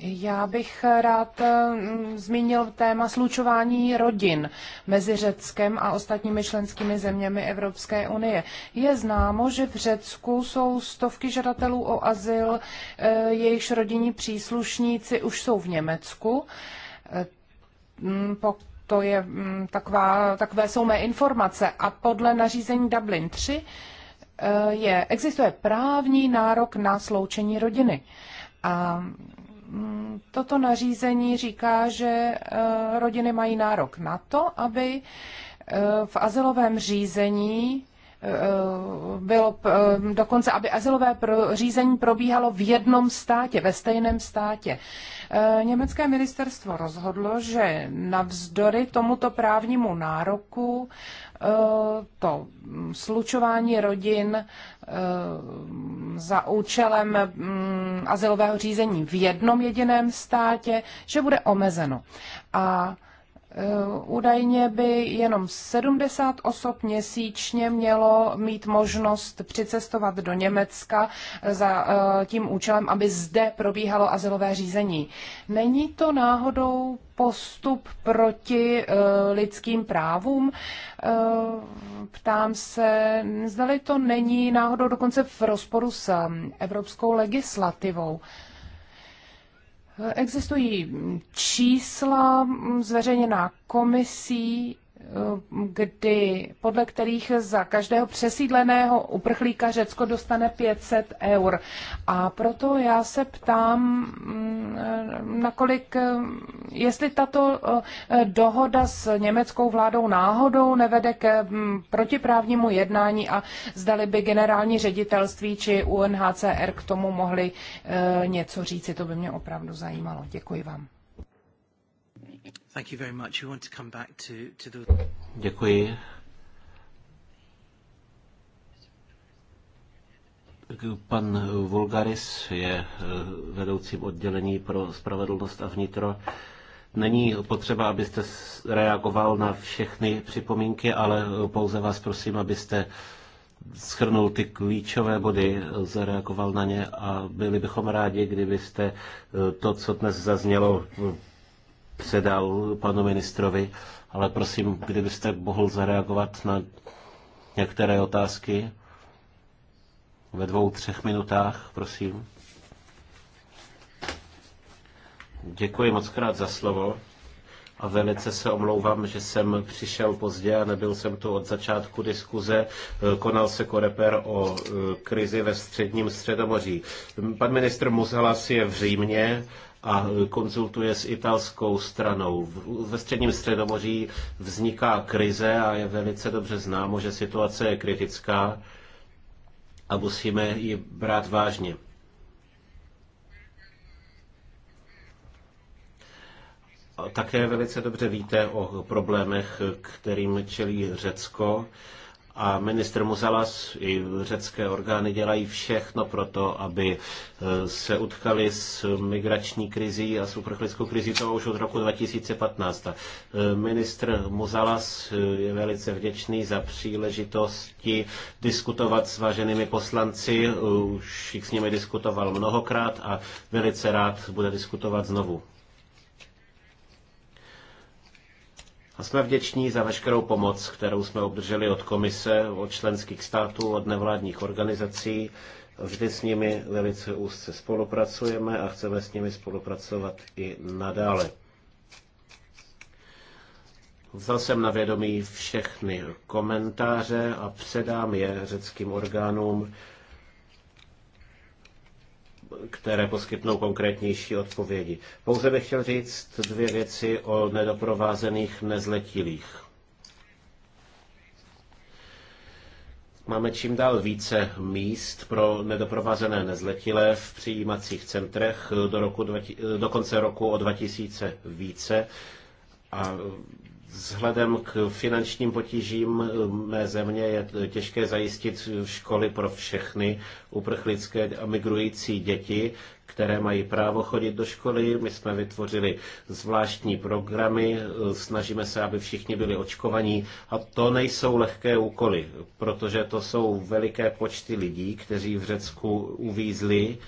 Já bych rád eh, mm, zmínil téma slučování rodin mezi Řeckem a ostatními členskými zeměmi Evropské unie. Je známo, že v Řecku jsou stovky žadatelů o azyl, eh, jejichž rodinní příslušníci už jsou v Německu. Eh, mm, to je mm, taková, takové jsou mé informace. A podle nařízení Dublin 3 je, existuje právní nárok na sloučení rodiny. A toto nařízení říká, že eh, rodiny mají nárok na to, aby eh, v azylovém řízení eh, bylo dokonce, aby azylové řízení probíhalo v jednom státě, ve stejném státě. Německé ministerstvo rozhodlo, že navzdory tomuto právnímu nároku Eh, to slučování rodin eh, za účelem mm, azylového řízení v jednom jediném státě, že bude omezeno. A Eh, údajně by jenom 70 osob měsíčně mělo mít možnost přicestovat do Německa eh, za eh, tím účelem, aby zde probíhalo azylové řízení. Není to náhodou postup proti lidským právům? Ptám se, zdali to není náhodou dokonce v rozporu s evropskou legislativou. Existují čísla zveřejněná komisí kdy, podle kterých za každého přesídleného uprchlíka Řecko dostane 500 eur. A proto já se ptám, mm, nakolik, eh, jestli tato eh, dohoda s německou vládou náhodou nevede k mm, protiprávnímu jednání a zdali by generální ředitelství či UNHCR k tomu mohli eh, něco říci, to by mě opravdu zajímalo. Děkuji vám. Thank you very much. We want to come back to, Děkuji. Pan Vulgaris je eh, vedoucím oddělení pro spravedlnost a vnitro. Není potřeba, abyste reagoval na všechny připomínky, ale eh, pouze vás prosím, abyste schrnul ty klíčové body, eh, zareagoval na ně a byli bychom rádi, kdybyste to, co dnes zaznělo, předal panu ministrovi, ale prosím, kdybyste mohl zareagovat na některé otázky ve dvou, třech minutách, prosím. Děkuji moc krát za slovo a velice se omlouvám, že jsem přišel pozdě a nebyl jsem tu od začátku diskuze. Konal se koreper o e, krizi ve středním středomoří. Pan ministr Muzalas je v Římě a konzultuje s italskou stranou. Ve středním středomoří vzniká krize a je velice dobře známo, že situace je kritická a musíme ji brát vážně. Také velice dobře víte o problémech, kterým čelí Řecko a ministr Muzalas i řecké orgány dělají všechno pro to, aby e, se utkali s migrační krizí a s uprchlickou krizí to už od roku 2015. E, ministr Muzalas e, je velice vděčný za příležitosti diskutovat s váženými poslanci, už jich s nimi diskutoval mnohokrát a velice rád bude diskutovat znovu. A jsme vděční za veškerou pomoc, kterou jsme obdrželi od komise, od členských států, od nevládních organizací. Vždy s nimi velice úzce spolupracujeme a chceme s nimi spolupracovat i nadále. Vzal jsem na vědomí všechny komentáře a předám je řeckým orgánům které poskytnou konkrétnější odpovědi. Pouze bych chtěl říct dvě věci o nedoprovázených nezletilých. Máme čím dál více míst pro nedoprovázené nezletilé v přijímacích centrech do, roku, do konce roku o 2000 více. A Vzhledem k finančním potížím eh, mé země je těžké zajistit školy pro všechny uprchlické a migrující děti, které mají právo chodit do školy. My jsme vytvořili zvláštní programy, eh, snažíme se, aby všichni byli očkovaní. A to nejsou lehké úkoly, protože to jsou veliké počty lidí, kteří v Řecku uvízli.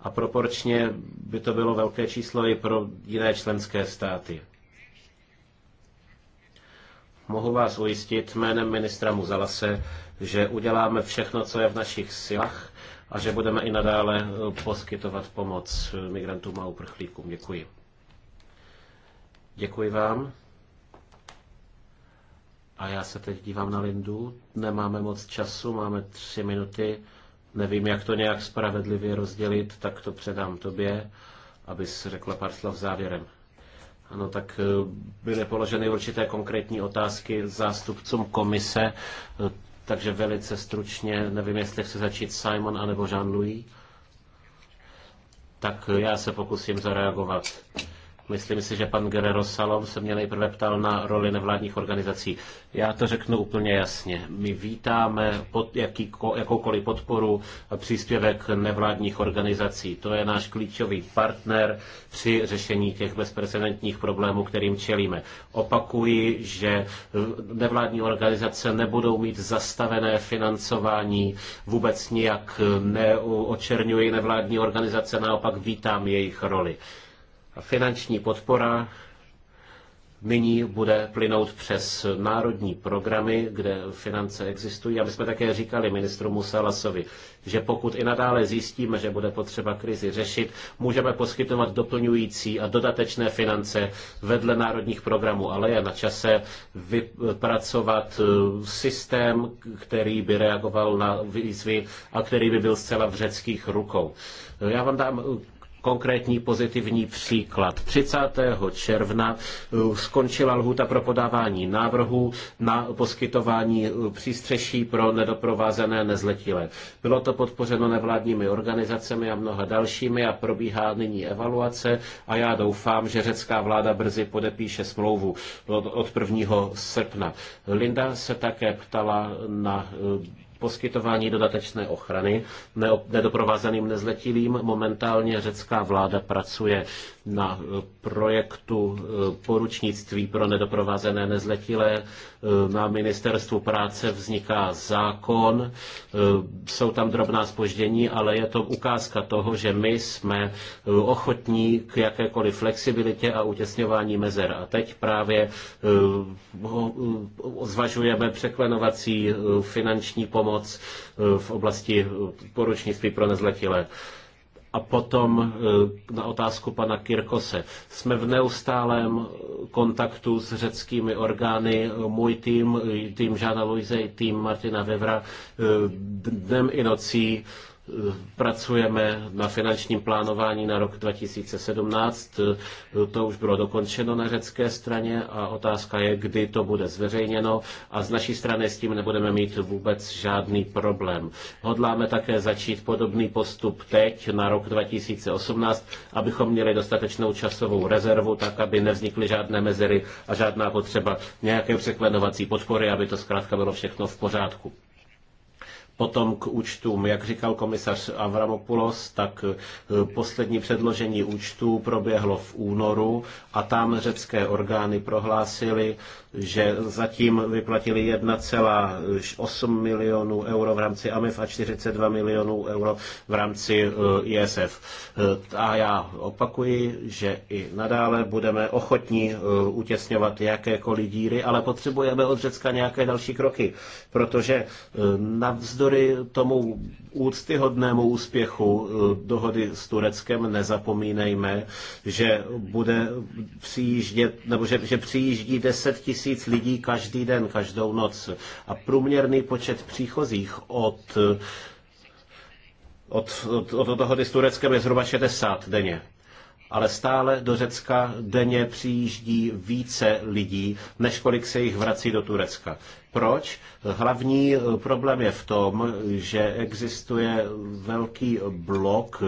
A proporčně by to bylo velké číslo i pro jiné členské státy. Mohu vás ujistit jménem ministra Muzalase, že uděláme všechno, co je v našich silách a že budeme i nadále eh, poskytovat pomoc eh, migrantům a uprchlíkům. Děkuji. Děkuji vám. A já se teď dívám na Lindu. Nemáme moc času, máme tři minuty. Nevím, jak to nějak spravedlivě rozdělit, tak to předám tobě, abys řekla pár slov závěrem. Ano, tak eh, byly položeny určité konkrétní otázky zástupcům komise, eh, takže velice stručně, nevím, jestli chce začít Simon anebo Jean-Louis. Tak eh, já se pokusím zareagovat. Myslím si, že pan Guerrero Salom se mě nejprve ptal na roli nevládních organizací. Já to řeknu úplně jasně. My vítáme pod jaký, jakoukoliv podporu a příspěvek nevládních organizací. To je náš klíčový partner při řešení těch bezprecedentních problémů, kterým čelíme. Opakuji, že nevládní organizace nebudou mít zastavené financování, vůbec nijak neočerňují nevládní organizace, naopak vítám jejich roli. Finanční podpora nyní bude plynout přes národní programy, kde finance existují. A my jsme také říkali ministru Musalasovi, že pokud i nadále zjistíme, že bude potřeba krizi řešit, můžeme poskytovat doplňující a dodatečné finance vedle národních programů, ale je na čase vypracovat eh, systém, který by reagoval na výzvy a který by byl zcela v řeckých rukou. Já vám dám eh, konkrétní pozitivní příklad. 30. června uh, skončila lhůta pro podávání návrhů na poskytování uh, přístřeší pro nedoprovázené nezletilé. Bylo to podpořeno nevládními organizacemi a mnoha dalšími a probíhá nyní evaluace a já doufám, že řecká vláda brzy podepíše smlouvu od 1. srpna. Linda se také ptala na uh, poskytování dodatečné ochrany nedoprovázeným nezletilým. Momentálně řecká vláda pracuje na eh, projektu eh, poručnictví pro nedoprovázené nezletilé. Eh, na ministerstvu práce vzniká zákon, jsou tam drobná spoždění, ale je to ukázka toho, že my jsme ochotní k jakékoliv flexibilitě a utěsňování mezer. A teď právě zvažujeme překlenovací finanční pomoc pomoc eh, v oblasti eh, poručnictví pro nezletilé. A potom eh, na otázku pana Kirkose. Jsme v neustálém kontaktu s řeckými orgány. Můj tým, tým Žána Luise, tým Martina Vevra, dnem i nocí Pracujeme na finančním plánování na rok 2017. To už bylo dokončeno na řecké straně a otázka je, kdy to bude zveřejněno a z naší strany s tím nebudeme mít vůbec žádný problém. Hodláme také začít podobný postup teď na rok 2018, abychom měli dostatečnou časovou rezervu, tak aby nevznikly žádné mezery a žádná potřeba nějaké překlenovací podpory, aby to zkrátka bylo všechno v pořádku. Potom k účtům, jak říkal komisař Avramopoulos, tak eh, poslední předložení účtů proběhlo v únoru a tam řecké orgány prohlásily, že zatím vyplatili 1,8 milionů euro v rámci AMIF a 42 e milionů euro v rámci eh, ISF. Eh, a já opakuji, že i nadále budeme ochotní utěsňovat jakékoliv díry, ale potřebujeme od Řecka nějaké další kroky, protože navzdory navzdory tomu úctyhodnému úspěchu eh, dohody s Tureckem nezapomínejme, že bude přijíždět, nebo že, že přijíždí 10 tisíc lidí každý den, každou noc. A průměrný počet příchozích od, od, od, od dohody s Tureckem je zhruba 60 denně ale stále do Řecka denně přijíždí více lidí, než kolik se jich vrací do Turecka. Proč? Hlavní eh, problém je v tom, že existuje velký blok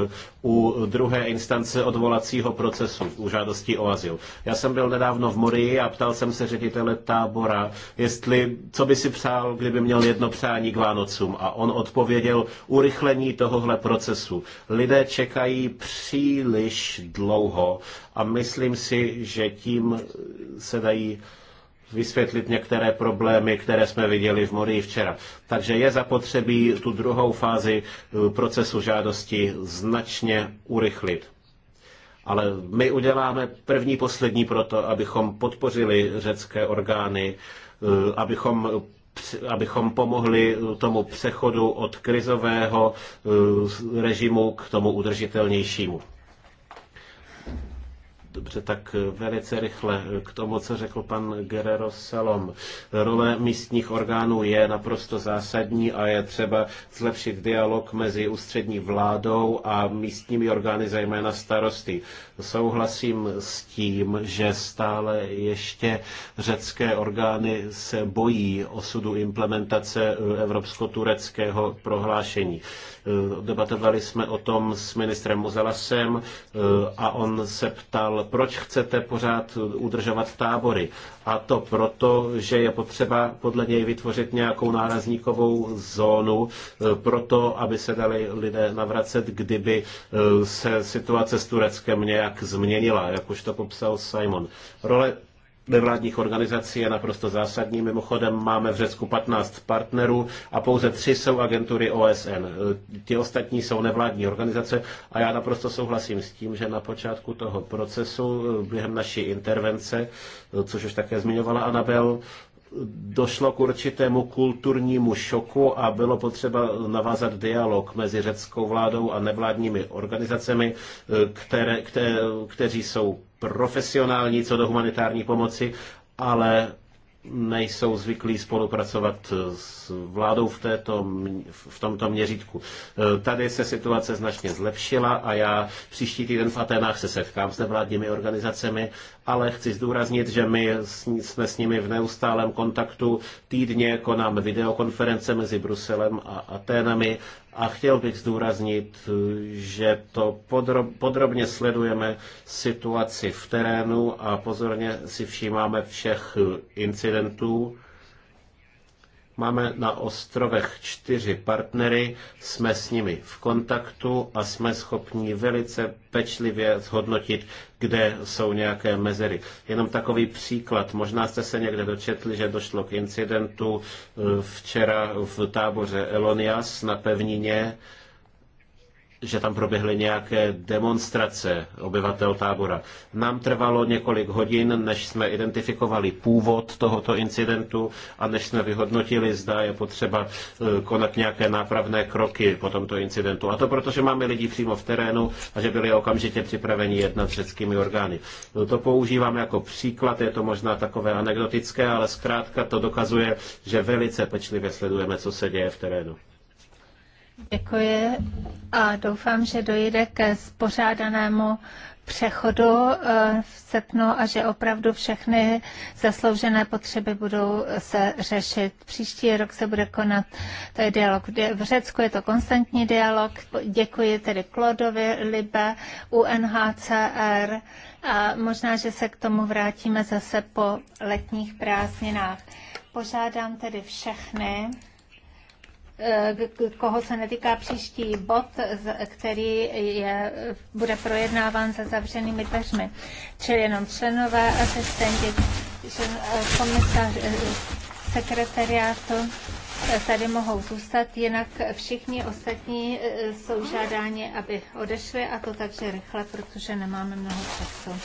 u druhé instance odvolacího procesu u žádosti o azyl. Já jsem byl nedávno v Morii a ptal jsem se ředitele tábora, jestli, co by si přál, kdyby měl jedno přání k Vánocům. A on odpověděl urychlení tohohle procesu. Lidé čekají příliš dlouho a myslím si, že tím se dají vysvětlit některé problémy, které jsme viděli v Morii včera. Takže je zapotřebí tu druhou fázi eh, procesu žádosti značně urychlit. Ale my uděláme první poslední proto, abychom podpořili řecké orgány, eh, abychom abychom pomohli tomu přechodu od krizového eh, režimu k tomu udržitelnějšímu. Dobře, tak velice rychle k tomu, co řekl pan Guerrero Salom. Role místních orgánů je naprosto zásadní a je třeba zlepšit dialog mezi ústřední vládou a místními orgány, zejména starosty. Souhlasím s tím, že stále ještě řecké orgány se bojí osudu implementace evropsko-tureckého prohlášení. Eh, debatovali jsme o tom s ministrem Muzelasem eh, a on se ptal, proč chcete pořád udržovat tábory. A to proto, že je potřeba podle něj vytvořit nějakou nárazníkovou zónu, eh, proto, aby se dali lidé navracet, kdyby se situace s Tureckem nějak změnila, jak už to popsal Simon. Role nevládních organizací je naprosto zásadní. Mimochodem máme v Řecku 15 partnerů a pouze tři jsou agentury OSN. Ti ostatní jsou nevládní organizace a já naprosto souhlasím s tím, že na počátku toho procesu během naší intervence, což už také zmiňovala Anabel, došlo k určitému kulturnímu šoku a bylo potřeba navázat dialog mezi řeckou vládou a nevládními organizacemi, které, které, kteří jsou profesionální co do humanitární pomoci, ale nejsou zvyklí spolupracovat s vládou v, této, v tomto měřítku. E, tady se situace značně zlepšila a já příští týden v Atenách se setkám s nevládními organizacemi, ale chci zdůraznit, že my jsme s nimi v neustálém kontaktu. Týdně konáme videokonference mezi Bruselem a Atenami a chtěl bych zdůraznit, že to podrob, podrobně sledujeme situaci v terénu a pozorně si všímáme všech incidentů Máme na ostrovech čtyři partnery, jsme s nimi v kontaktu a jsme schopni velice pečlivě zhodnotit, kde jsou nějaké mezery. Jenom takový příklad. Možná jste se někde dočetli, že došlo k incidentu eh, včera v táboře Elonias na pevnině, že tam proběhly nějaké demonstrace obyvatel tábora. Nám trvalo několik hodin, než jsme identifikovali původ tohoto incidentu a než jsme vyhodnotili, zda je potřeba eh, konat nějaké nápravné kroky po tomto incidentu. A to proto, že máme lidi přímo v terénu a že byli okamžitě připraveni jednat s řeckými orgány. To používám jako příklad, je to možná takové anekdotické, ale zkrátka to dokazuje, že velice pečlivě sledujeme, co se děje v terénu. Děkuji a doufám, že dojde ke spořádanému přechodu eh, v srpnu a že opravdu všechny zasloužené potřeby budou se řešit. Příští rok se bude konat tady dialog v Řecku, je to konstantní dialog. Děkuji tedy Klodovi, Libe, UNHCR a možná, že se k tomu vrátíme zase po letních prázdninách. Požádám tedy všechny, Eh, koho se netýká příští bod, který je, bude projednáván za zavřenými dveřmi. Čili jenom členové, asistenti, člen, eh, komisař, eh, sekretariátu tady mohou zůstat, jinak všichni ostatní jsou žádáni, aby odešli a to takže rychle, protože nemáme mnoho času.